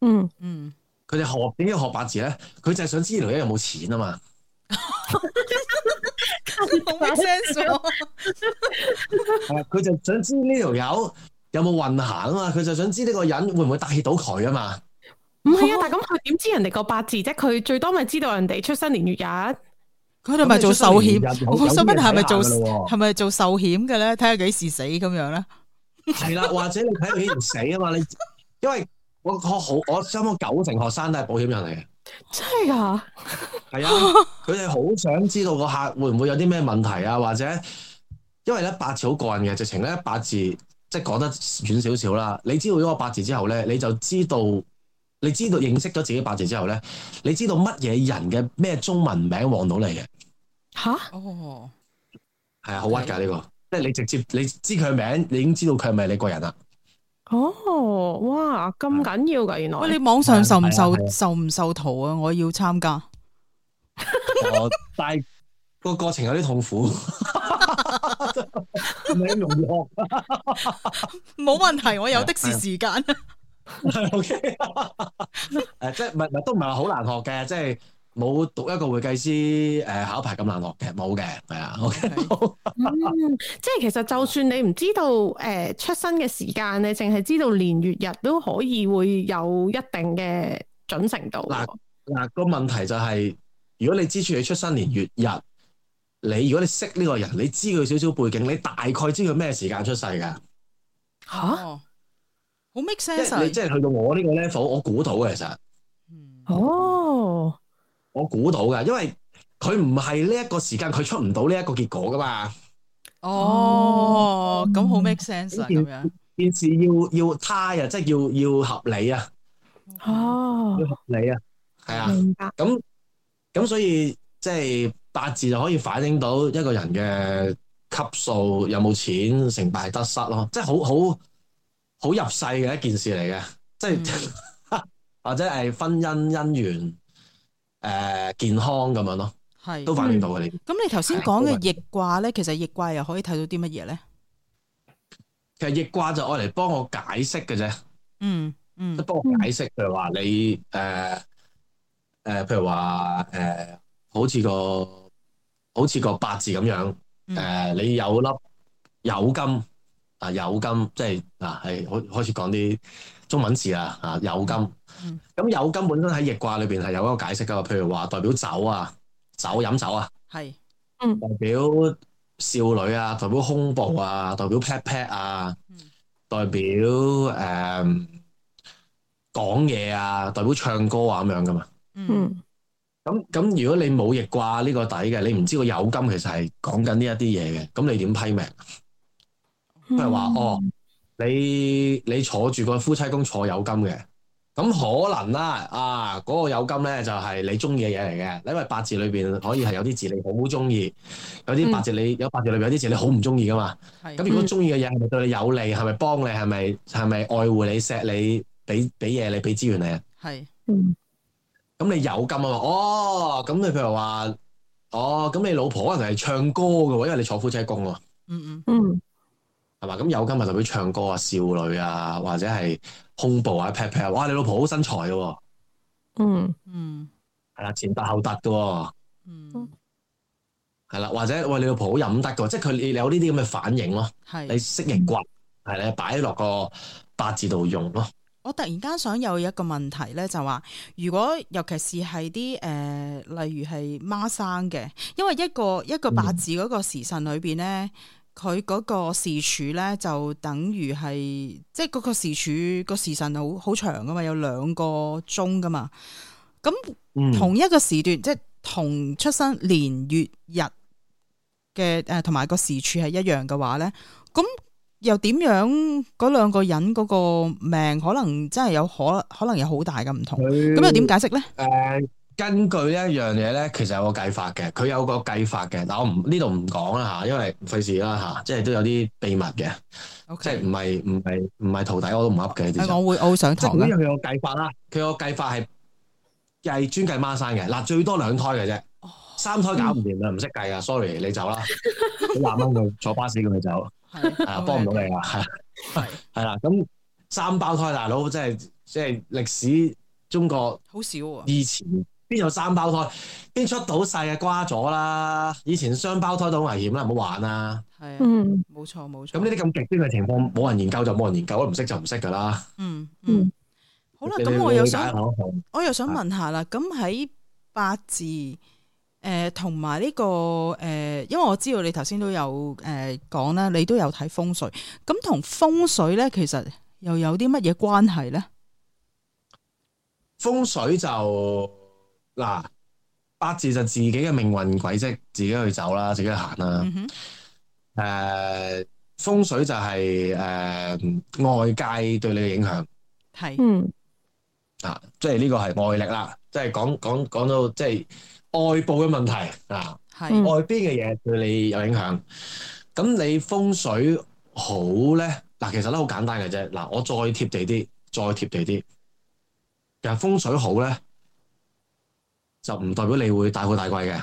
嗯嗯，佢、嗯、哋學點解學八字咧？佢就係想知道你有冇錢啊嘛。 好 f 係佢就想知呢條友有冇運行啊嘛，佢就想知呢個人會唔會搭起到佢啊嘛。唔係、嗯、啊，哦、但係咁佢點知人哋個八字啫？佢最多咪知道人哋出生年月日，佢哋咪做壽險。我想諗係咪做係咪 做壽險嘅咧？睇下幾時死咁樣咧。係啦、 啊，或者你睇下幾時死啊嘛？你因為我我好，我差唔多九成學生都係保險人嚟嘅。真係 啊，係啊，佢哋好想知道個客會唔會有啲咩問題啊，或者，因為咧八字好個人嘅，直情咧八字即係講得遠少少啦。你知道咗個八字之後咧，你就知道，你知道認識咗自己八字之後咧，你知道乜嘢人嘅咩中文名望到你嘅。吓哦，係啊，好屈噶呢個，的即係你直接你知佢名，你已經知道佢係咪你個人啦。哦，哇，咁緊要㗎，原來。喂，你網上受唔受對對對，受唔受徒啊？我要參加，我但係個過程有啲痛苦，咁容易學？冇 問題，我有的是時間，OK，誒、 呃，即係唔唔都唔係好難學嘅，即係。冇讀一個會計師誒、呃、考牌咁難落嘅，冇嘅係啊。Okay. 嗯，即係其實就算你唔知道誒、呃、出生嘅時間，你淨係知道年月日都可以會有一定嘅準程度。嗱嗱，個問題就係、是，如果你知住你出生年月日，你如果你識呢個人，你知佢少少背景，你大概知佢咩時間出世噶吓？好 make sense。你即係去到我呢個 level，我估到嘅其實。嗯。哦。我估到噶，因為佢唔係呢一個時間，佢出唔到呢一個結果噶嘛。哦，咁好 make sense 啊，咁樣件事要要睇啊，即係要要合理啊。哦件、啊，要合理啊，係、哦、啊。啊明白。咁咁，所以即係八字就可以反映到一個人嘅級數有冇錢、成敗得失咯。即係好好好入世嘅一件事嚟嘅，即係、嗯、 或者係婚姻姻緣。誒、呃，健康咁樣咯，係、嗯、都反映到嘅。嗯、你咁你頭先講嘅逆卦咧，其實逆卦又可以睇到啲乜嘢咧？其實逆卦就愛嚟幫我解釋嘅啫、嗯，嗯嗯，即幫我解釋，譬、嗯、如話你誒誒，譬如話誒，好似個好似個八字咁樣，誒、嗯呃，你有粒有金啊，有金，即係嗱，係開開始講啲。中文字啊，啊有金，咁有金本身喺易卦裏邊係有一個解釋噶，譬如話代表酒啊，酒、飲酒啊，係，嗯，代表少女啊，代表胸部啊，代表 pat pat 啊，代表誒、講嘢啊，代表唱歌啊咁樣噶嘛，嗯，咁咁如果你冇易卦呢個底嘅，你唔知個有金其實係講緊呢一啲嘢嘅，咁你點批命？譬如話哦。你你坐住個夫妻宮坐有金嘅，咁可能啦啊，嗰、啊嗰個有金咧就係、是、你中意嘅嘢嚟嘅，你因為八字裏邊可以係有啲字你好中意，有啲八字你有八字裏面有啲字你好唔中意噶嘛。咁、嗯、如果中意嘅嘢係咪對你有利，係咪幫你，係咪係咪愛護你、錫你、俾俾嘢你、俾資源你啊？係，咁、嗯、你有金啊嘛？哦，咁你譬如話，哦，咁你老婆可能係唱歌嘅喎，因為你坐夫妻宮咯、嗯。嗯嗯嗯。係嘛？咁有今日，代表唱歌啊、少女啊，或者係胸部啊、劈劈啊，哇！你老婆好身材嘅。嗯嗯，係啦，前凸後凸嘅，嗯，係啦，或者喂，你老婆好飲得嘅，即係佢有呢啲咁嘅反應咯，係是你識人骨，係你擺落個八字度用咯。我突然間想有一個問題咧，就話、是、如果尤其是係啲誒，例如係孖生嘅，因為一個一個八字嗰個時辰裏邊咧。嗯佢嗰個時柱咧，就等於係即係嗰個時柱個時辰好好長㗎嘛，有兩個鐘㗎嘛。咁同一個時段，即係同出生年月日嘅誒，同、呃、埋個時柱係一樣嘅話咧，咁又點樣嗰兩個人嗰個命可能真係有可可能有好大嘅唔同？咁、嗯、又點解釋咧？嗯根據呢一樣嘢咧，其實有個計法嘅，佢有個計法嘅，但我唔呢度唔講啦嚇，因為費事啦嚇，即係都有啲秘密嘅，即係唔係唔係唔係徒弟我都唔噏嘅。我會我會想聽，因為佢有計法啦，佢有計法係係專計孖生嘅，嗱，最多兩胎嘅啫，三胎搞唔掂啊，唔識計啊，sorry 你走啦，幾萬蚊佢坐巴士咁。你走，啊，幫唔到你啦，係係啦，咁三胞胎大佬真係即係歷史中國好少啊，以前。邊有三胞胎？邊出到世啊？瓜咗啦！以前雙胞胎都好危險啦，唔好玩啦。係嗯、啊，冇錯冇錯。咁呢啲咁極端嘅情況，冇人研究就冇人研究，唔識、嗯、就唔識噶啦。嗯嗯， 好啦，咁我又想我，我又想問下啦。咁喺八字誒，同埋呢個誒、呃，因為我知道你頭先都有誒講啦，你都有睇風水。咁同風水咧，其實又有啲乜嘢關係咧？風水就。嗱，八字就自己嘅命運軌跡，自己去走啦，自己去行啦。誒、mm，hmm. uh, 風水就係、是、誒、uh, 外界對你嘅影響，係嗯啊，hmm. uh, 即係呢個係外力啦，即係講講講到即係外部嘅問題啊，係、mm hmm. 外邊嘅嘢對你有影響。咁你風水好咧，嗱，其實咧好簡單嘅啫。嗱，我再貼地啲，再貼地啲，其實風水好咧。就唔代表你會大富大貴嘅，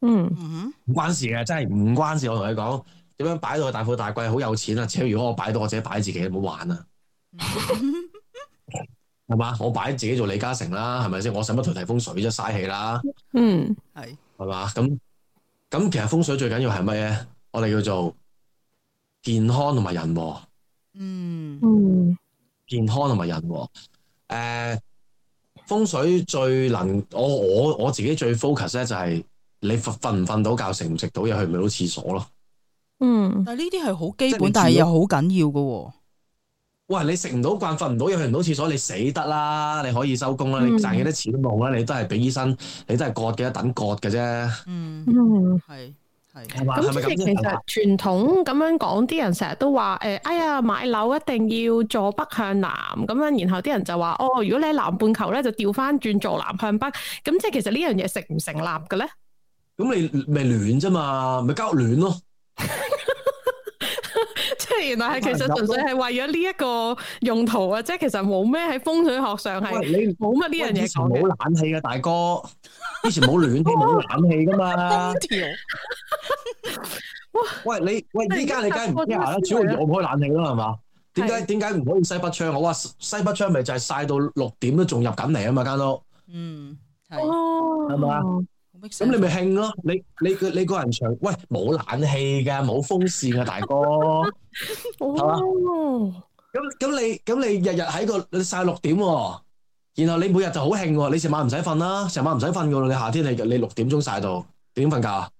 嗯，唔關事嘅，真係唔關事。我同你講，點樣擺到去大富大貴，好有錢啊？且如果我擺到，我自己擺自己，唔好玩啊，係 嘛？ 我擺自己做李嘉誠啦，係咪先？我使乜同你提風水啫，嘥氣啦。嗯，係，係嘛？咁咁，其實風水最緊要係乜嘢？我哋叫做健康同埋人和。嗯嗯，健康同埋人和，誒、呃。風水最能，我我我自己最 focus 咧，就係你瞓唔瞓到覺，食唔食到嘢，去唔去到廁所咯。嗯，但係呢啲係好基本，但係又好緊要㗎喎、哦。喂，你食唔到慣，瞓唔到，又去唔到廁所，你死得啦！你可以收工啦，嗯、你賺幾多錢都冇啦，你都係俾醫生，你都係割嘅，一等割嘅啫、嗯。嗯，係。係咁之前其實傳統咁樣講，啲人成日都話誒，哎呀買樓一定要坐北向南咁樣，然後啲人就話哦，如果你喺南半球咧，就調翻轉，坐南向北，咁即係其實呢樣嘢成唔成立嘅咧？咁、嗯、你咪暖啫嘛，咪交暖咯。 即係原來係其實純粹係為咗呢一個用途啊，即係喂其實冇咩喺風水學上係，冇乜呢樣嘢，以前冇冷氣嘅、啊、大哥，以前冇暖氣冇 冷氣噶嘛 喂。喂，你喂，依家你梗係唔驚啦，主要我唔開冷氣啦係嘛？點解點解唔可以西北窗？我話西北窗咪就係曬到六點都仲入緊嚟啊嘛間屋。嗯，係係嘛？ 咁你咪慶咯，你你個你個人場，喂，冇冷氣嘅，冇風扇嘅大哥，係嘛？咁咁你咁你日日喺個你晒六點喎、哦，然後你每日就好慶喎，你成晚唔使瞓啦，成晚唔使瞓噶啦，你夏天你你六點鐘晒到點瞓覺、啊？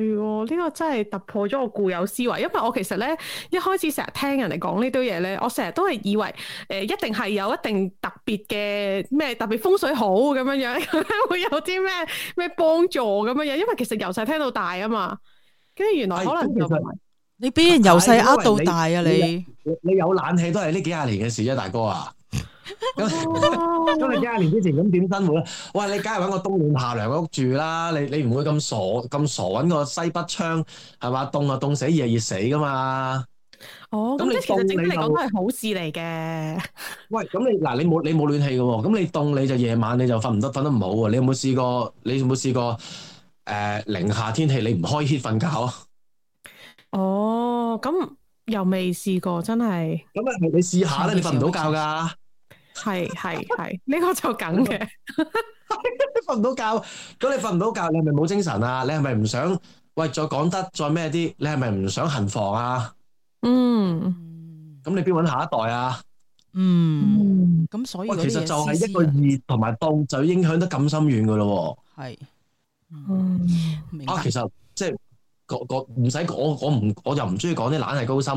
係呢、哦，這個真係突破咗我固有思維，因為我其實咧一開始成日聽人哋講呢堆嘢咧，我成日都係以為誒、呃、一定係有一定特別嘅咩特別風水好咁樣樣，會有啲咩咩幫助咁樣樣，因為其實由細聽到大啊嘛，跟住原來可能你俾人由細呃到大啊你你有，你有冷氣都係呢幾廿年嘅事啫、啊，大哥啊！咁咁你幾廿年之前咁點生活咧？喂，你梗係搵個冬暖夏涼嘅屋住啦。你你唔會咁傻咁傻搵個西北窗係嘛？凍就凍死，熱就熱死噶嘛。哦，咁你其實整體嚟講都係好事嚟嘅。喂，咁你嗱你冇你冇暖氣嘅，咁你凍你就夜晚你就瞓唔得，瞓得唔好啊！你有冇試過？你有冇試過？誒、呃，零下天氣你唔開 heat 瞓覺啊？ 哦，咁又未試過，真係。咁啊，你試下咧，你瞓唔到覺噶。係係係，呢、 這個就梗嘅。你瞓唔到覺，咁你瞓唔到覺，你係咪冇精神啊？你係咪唔想喂再講得再咩啲？你係咪唔想行房啊？嗯，咁你邊揾下一代啊？嗯，咁、嗯嗯、所以、哦，其實就係一個熱同埋凍就影響得咁深遠噶咯。係，嗯，明啊、哦，其實即係。個唔使講，我唔我又唔中意講啲懶係高深，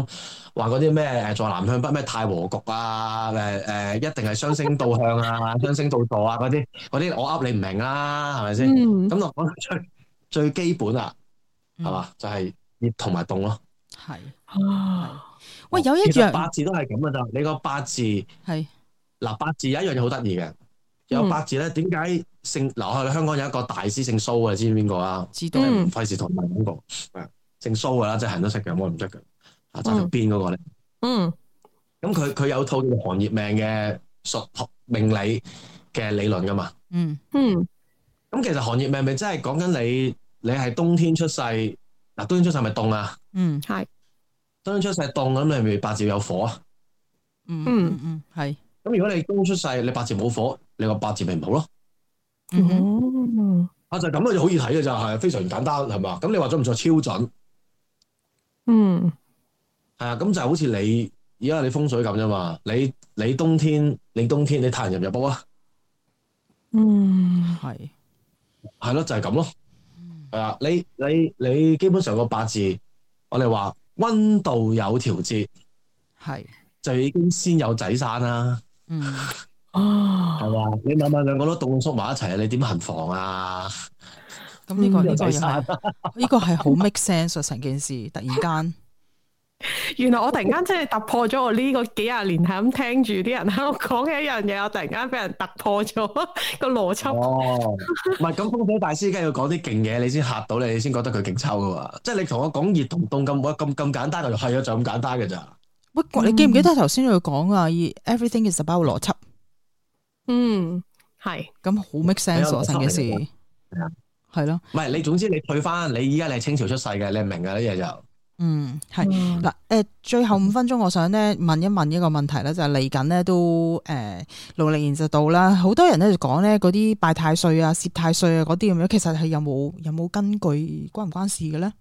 話嗰啲咩誒坐南向北咩太和局啊，誒、呃、誒一定係雙星倒向啊，雙星 道坐啊嗰啲，啲我噏你唔明啦、啊，係咪先？咁就講最最基本、嗯就是、啊，係嘛，就係熱同埋凍咯。係、哦，喂有一樣八字都係咁噶咋，你個八字係嗱是、啊、八字有一樣嘢好得意嘅。有八字咧，點解姓？嗱、啊，我香港有一個大師姓蘇嘅，知唔知邊個啊？知道動，都係唔費事同埋問嗰個，姓蘇嘅啦，即係人都識嘅，我唔識嘅。啊，揸住邊嗰個咧，嗯？嗯，咁佢佢有套叫寒熱命嘅術學命理嘅理論噶嘛？嗯嗯，咁、嗯、其實寒熱命咪真係講緊你，你係冬天出世，嗱、啊，冬天出世係咪凍啊？嗯，係，冬天出世凍咁，你係咪八字有火啊？嗯嗯嗯，係、嗯。咁如果你冬出世，你八字冇火，你個八字咪唔好咯。啊、嗯、就咁啊，就好易睇嘅咋係，非常簡單，係嘛。咁你話準唔準？超準。嗯，係啊，咁就好似你而家你風水咁啫嘛。你你冬天你冬天你太陽入唔入煲啊？嗯，係，係、就是、咯，就係咁咯。係啊，你你你基本上個八字，我哋話溫度有調節，係的就已經先有仔生啦。嗯，哦，係 嘛？你諗下兩個都凍縮埋一齊啊！你點行房啊？咁呢個呢個係好 make sense 成件事突然間， 原來我突然間真係突破咗我呢個幾廿年係咁聽住啲人喺度講嘅一樣嘢，我突然間俾人突破咗 個邏輯。 哦，唔係咁風水大師，梗係要講啲勁嘢，你先嚇到你，你先覺得佢勁抽噶嘛？即係你同我講熱同凍咁咁咁簡單嘅，係啊，就咁簡單嘅咋？喂，嗯、你記唔記得頭先佢講啊？Everything is about 邏輯，嗯，係咁好 make sense 啊，成件事係咯。唔係你總之你退翻，你依家你係清朝出世嘅，你明㗎呢嘢就嗯係嗱誒，嗯、最後五分鐘我想咧問一問一個問題咧，就係嚟緊咧都誒農曆年就到啦，好多人咧就講咧嗰啲拜太歲啊、攝太歲啊嗰啲咁樣，其實係有冇有冇根據關唔關事嘅咧？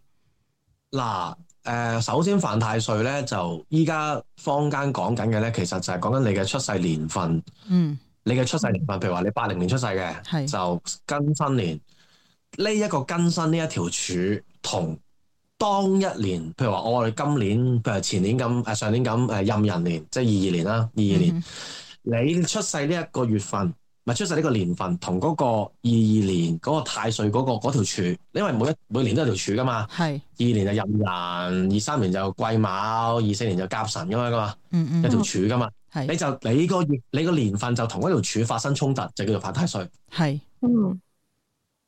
嗱。誒、呃，首先犯太歲咧，就依家坊間講緊嘅咧，其實就係講緊你嘅出世年份。嗯，你嘅出世年份，嗯、譬如話你八零年出世嘅，是就庚申年。呢、這、一個庚申呢一條柱，同當一年，譬如話我哋今年，譬如前年咁，誒、啊、上年咁，誒壬寅年，即係二二年啦，二二年，嗯嗯你出世呢一個月份。咪出世呢個年份同嗰個二二年嗰個太歲嗰個嗰條柱，因為每一每年都有條柱噶嘛，係二年就壬寅，二三年就癸卯，二四年就甲辰咁樣噶嘛。嗯嗯，有條柱噶嘛，係你就你個月你個年份就同嗰條柱發生衝突，就叫做犯太歲，係，嗯，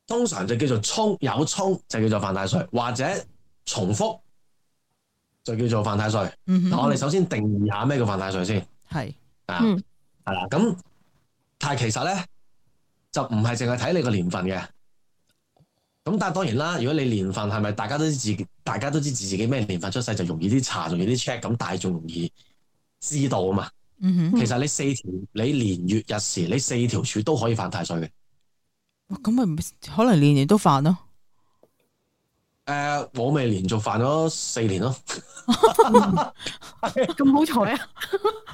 通常就叫做衝，有衝就叫做犯太歲，或者重複就叫做犯太歲，嗯，我哋首先定義下咩叫犯太歲先，係，啊，係啦，咁。但係其實咧，就唔係淨係睇你個年份嘅。咁但係當然啦，如果你年份係咪大家都知自己，大家都知自己咩年份出世就容易啲查，容易啲 check，咁大眾容易知道啊嘛。嗯、哼其實你四條你年月日時你四條柱都可以犯太歲嘅。咁咪可能年年都犯咯。誒、嗯，我咪連續犯咗四年咯。咁好彩啊！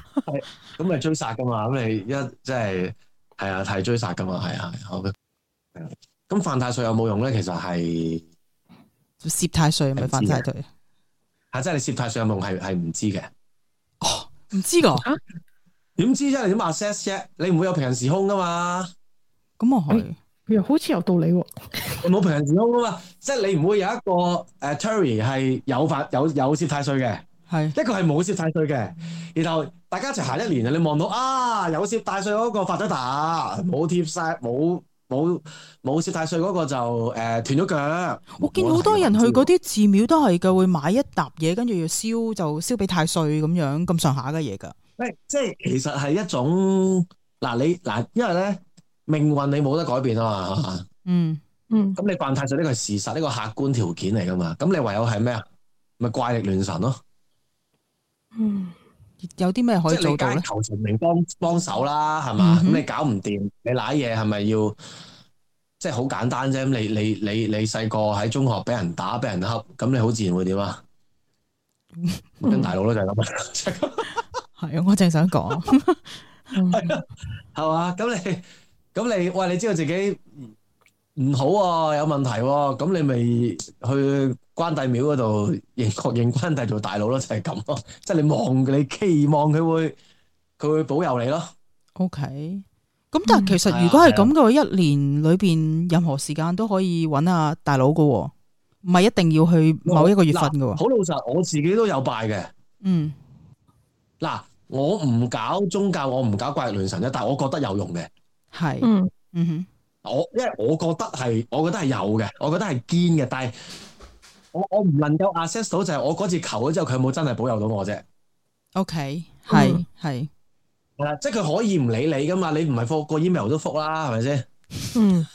係咁咪追殺噶嘛？咁你一即係係啊，太追殺噶嘛？係啊，好嘅。咁犯太歲有冇用咧？其實係攝太歲係咪犯太歲啊！即係你攝太歲有冇用？係係唔知嘅。哦，唔知噶？點、啊、知？即係點話 sense 啫？你唔會有平行時空噶嘛？咁啊係，欸、又好似有道理喎、啊。冇 平行時空噶嘛？即係你唔會有一個誒，Terry 係有法有，有有攝太歲嘅。係是一個係冇攝太歲嘅，然後大家一齊行一年啊！你望到啊，有攝太歲嗰個發咗達，冇貼晒冇冇冇攝太歲嗰個就誒，斷咗腳。呃、腳我見好哇多人去嗰啲寺廟都係噶，會買一疊嘢，跟住要燒就燒俾太歲咁樣咁上下嘅嘢噶。即係、嗯嗯、其實係一種嗱你嗱，因為咧命運你冇得改變啊嘛。嗯嗯，咁、嗯、你拜太歲呢個係事實，呢、這個客觀條件嚟噶嘛。咁你唯有係咩、就是、啊？咪怪力亂神咯。嗯，有啲咩可以做到咧？求神明幫幫手啦，係嘛？咁你搞唔掂，你瀨嘢係咪要？即係好簡單啫。咁你你你你細個喺中學俾人打俾人恰，咁你好自然會點啊？跟大佬咧就係咁，係啊！我淨係想講，係啊，係嘛？咁你咁你喂，你知道自己唔好喎，有問題喎，咁你咪去關帝廟嗰度認確認關帝做大佬咯，就係咁咯。 即係你望你期望佢會佢會保佑你咯。OK，咁但係其實、嗯、如果係咁嘅話，嗯、一年裏邊任何時間都可以揾下大佬噶，唔係一定要去某一個月份噶。好、嗯呃、老實，我自己都有拜嘅。嗯，嗱、呃，我唔搞宗教，我唔搞怪力亂神啫，但係我覺得有用嘅。係是，嗯嗯，嗯哼我因為我覺得係，我覺得係有嘅，我覺得係堅嘅，但係。我我唔能夠 access 到，就係我嗰次求咗之後，佢有冇真係保佑到我啫？OK，係係係啦，即係佢可以唔理你噶嘛？你唔係覆個 email 都覆啦，係咪先？嗯，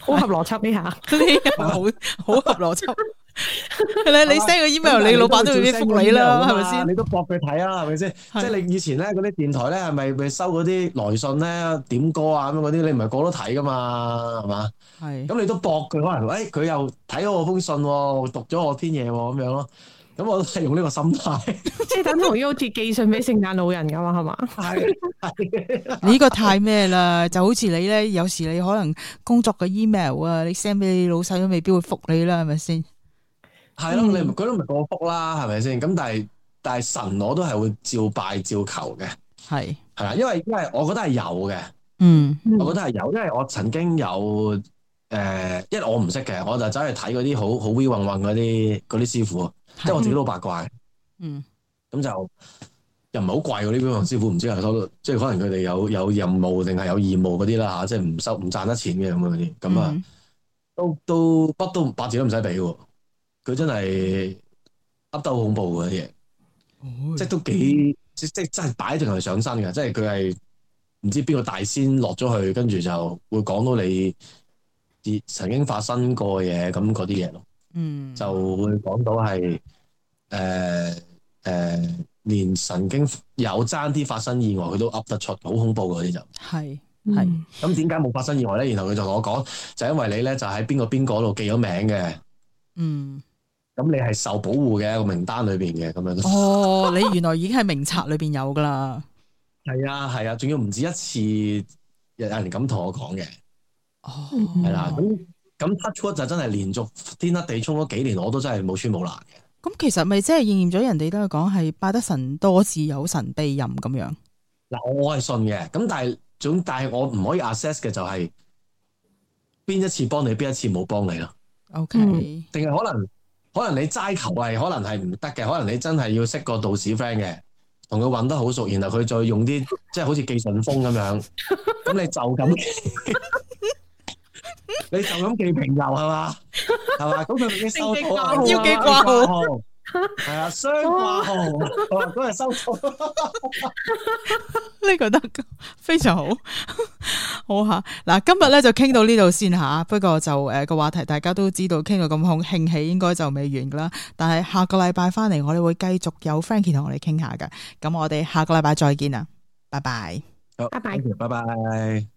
好合邏輯呢下呢個好好合邏輯。 你你 send 個 email，你老闆，都未必覆你啦，係咪先？你都搏佢睇啊，係咪先？即係你以前咧嗰啲電台咧，係咪咪收嗰啲來信咧，點歌啊咁樣嗰啲？你唔係過都睇噶嘛，係嘛？係咁你都搏佢可能，誒，佢又睇我封信，讀咗我篇嘢咁樣咯。咁我都係用呢個心態，即係等同於好似寄信俾聖誕老人噶嘛，係嘛？係係你呢個太咩啦？就好似你咧，有時你可能工作嘅 email 啊，你 send 俾你老細都未必會覆你啦，係咪先？係咯，你佢都唔係過福啦，啊，係咪先？咁但係但係神我都係會照拜照求嘅，係係啊，因為因為我覺得係有嘅，嗯，嗯，我覺得係有，因為我曾經有誒一、呃、我唔識嘅，我就走去睇嗰啲好好 v 運運嗰啲嗰啲師傅，的即係我自己都八卦，嗯，咁就又唔係好貴喎，呢邊運師傅唔知係收即係可能佢哋有有任務定係有義務嗰啲啦吓，即係唔收唔賺得錢嘅咁嗰啲，咁啊都都唔都八字都唔使俾喎。佢真係噏得好恐怖啲嘢，即係都幾即係即係真係擺定嚟上身嘅，即係佢係唔知邊個大仙落咗去，跟住就會講到你，而曾經發生過嘅嘢，咁嗰啲嘢咯，嗯，就會講到係誒誒，連曾經有爭啲發生意外，佢都噏得出，好恐怖嗰啲就係係，咁點解冇發生意外咧？然後佢就同我講，就因為你咧就喺邊個邊個度記咗名嘅，嗯。咁你係受保護嘅一個名單裏邊嘅咁樣哦， 你原來已經係名冊裏邊有噶啦，係啊係啊，仲要唔止一次，有人咁同我講嘅哦，係啦、啊，咁咁 touchwood 就真係連續天塌地冲咗幾年，我都真係冇穿冇爛嘅。咁其實咪即係應驗咗人哋都係講係拜得神多，自有神庇佑咁樣。嗱、呃，我我係信嘅，咁但係總但係我唔可以 assess 嘅就係、是、邊一次幫你，邊一次冇幫你啦。OK，定係、嗯、可能？可能你齋求係，可能係唔得嘅，可能你真係要識個道士 friend 嘅，同佢混得好熟，然後佢再用啲即係好似寄信封咁樣，樣，咁 你就咁，你就咁寄平郵係嘛，係嘛，咁佢已經收妥、啊、要寄掛係 啊，雙掛號，我、啊、今收到。呢個得非常好， 好吓。嗱，今日咧就傾到呢度先吓、啊。不過就誒個、呃、話題，大家都知道傾到咁好，興起應該就未完噶啦。但係下個禮拜翻嚟，我哋會繼續有 Franky 同我哋傾下噶。咁我哋下個禮拜再見啦！拜拜，拜拜好，拜拜 bye。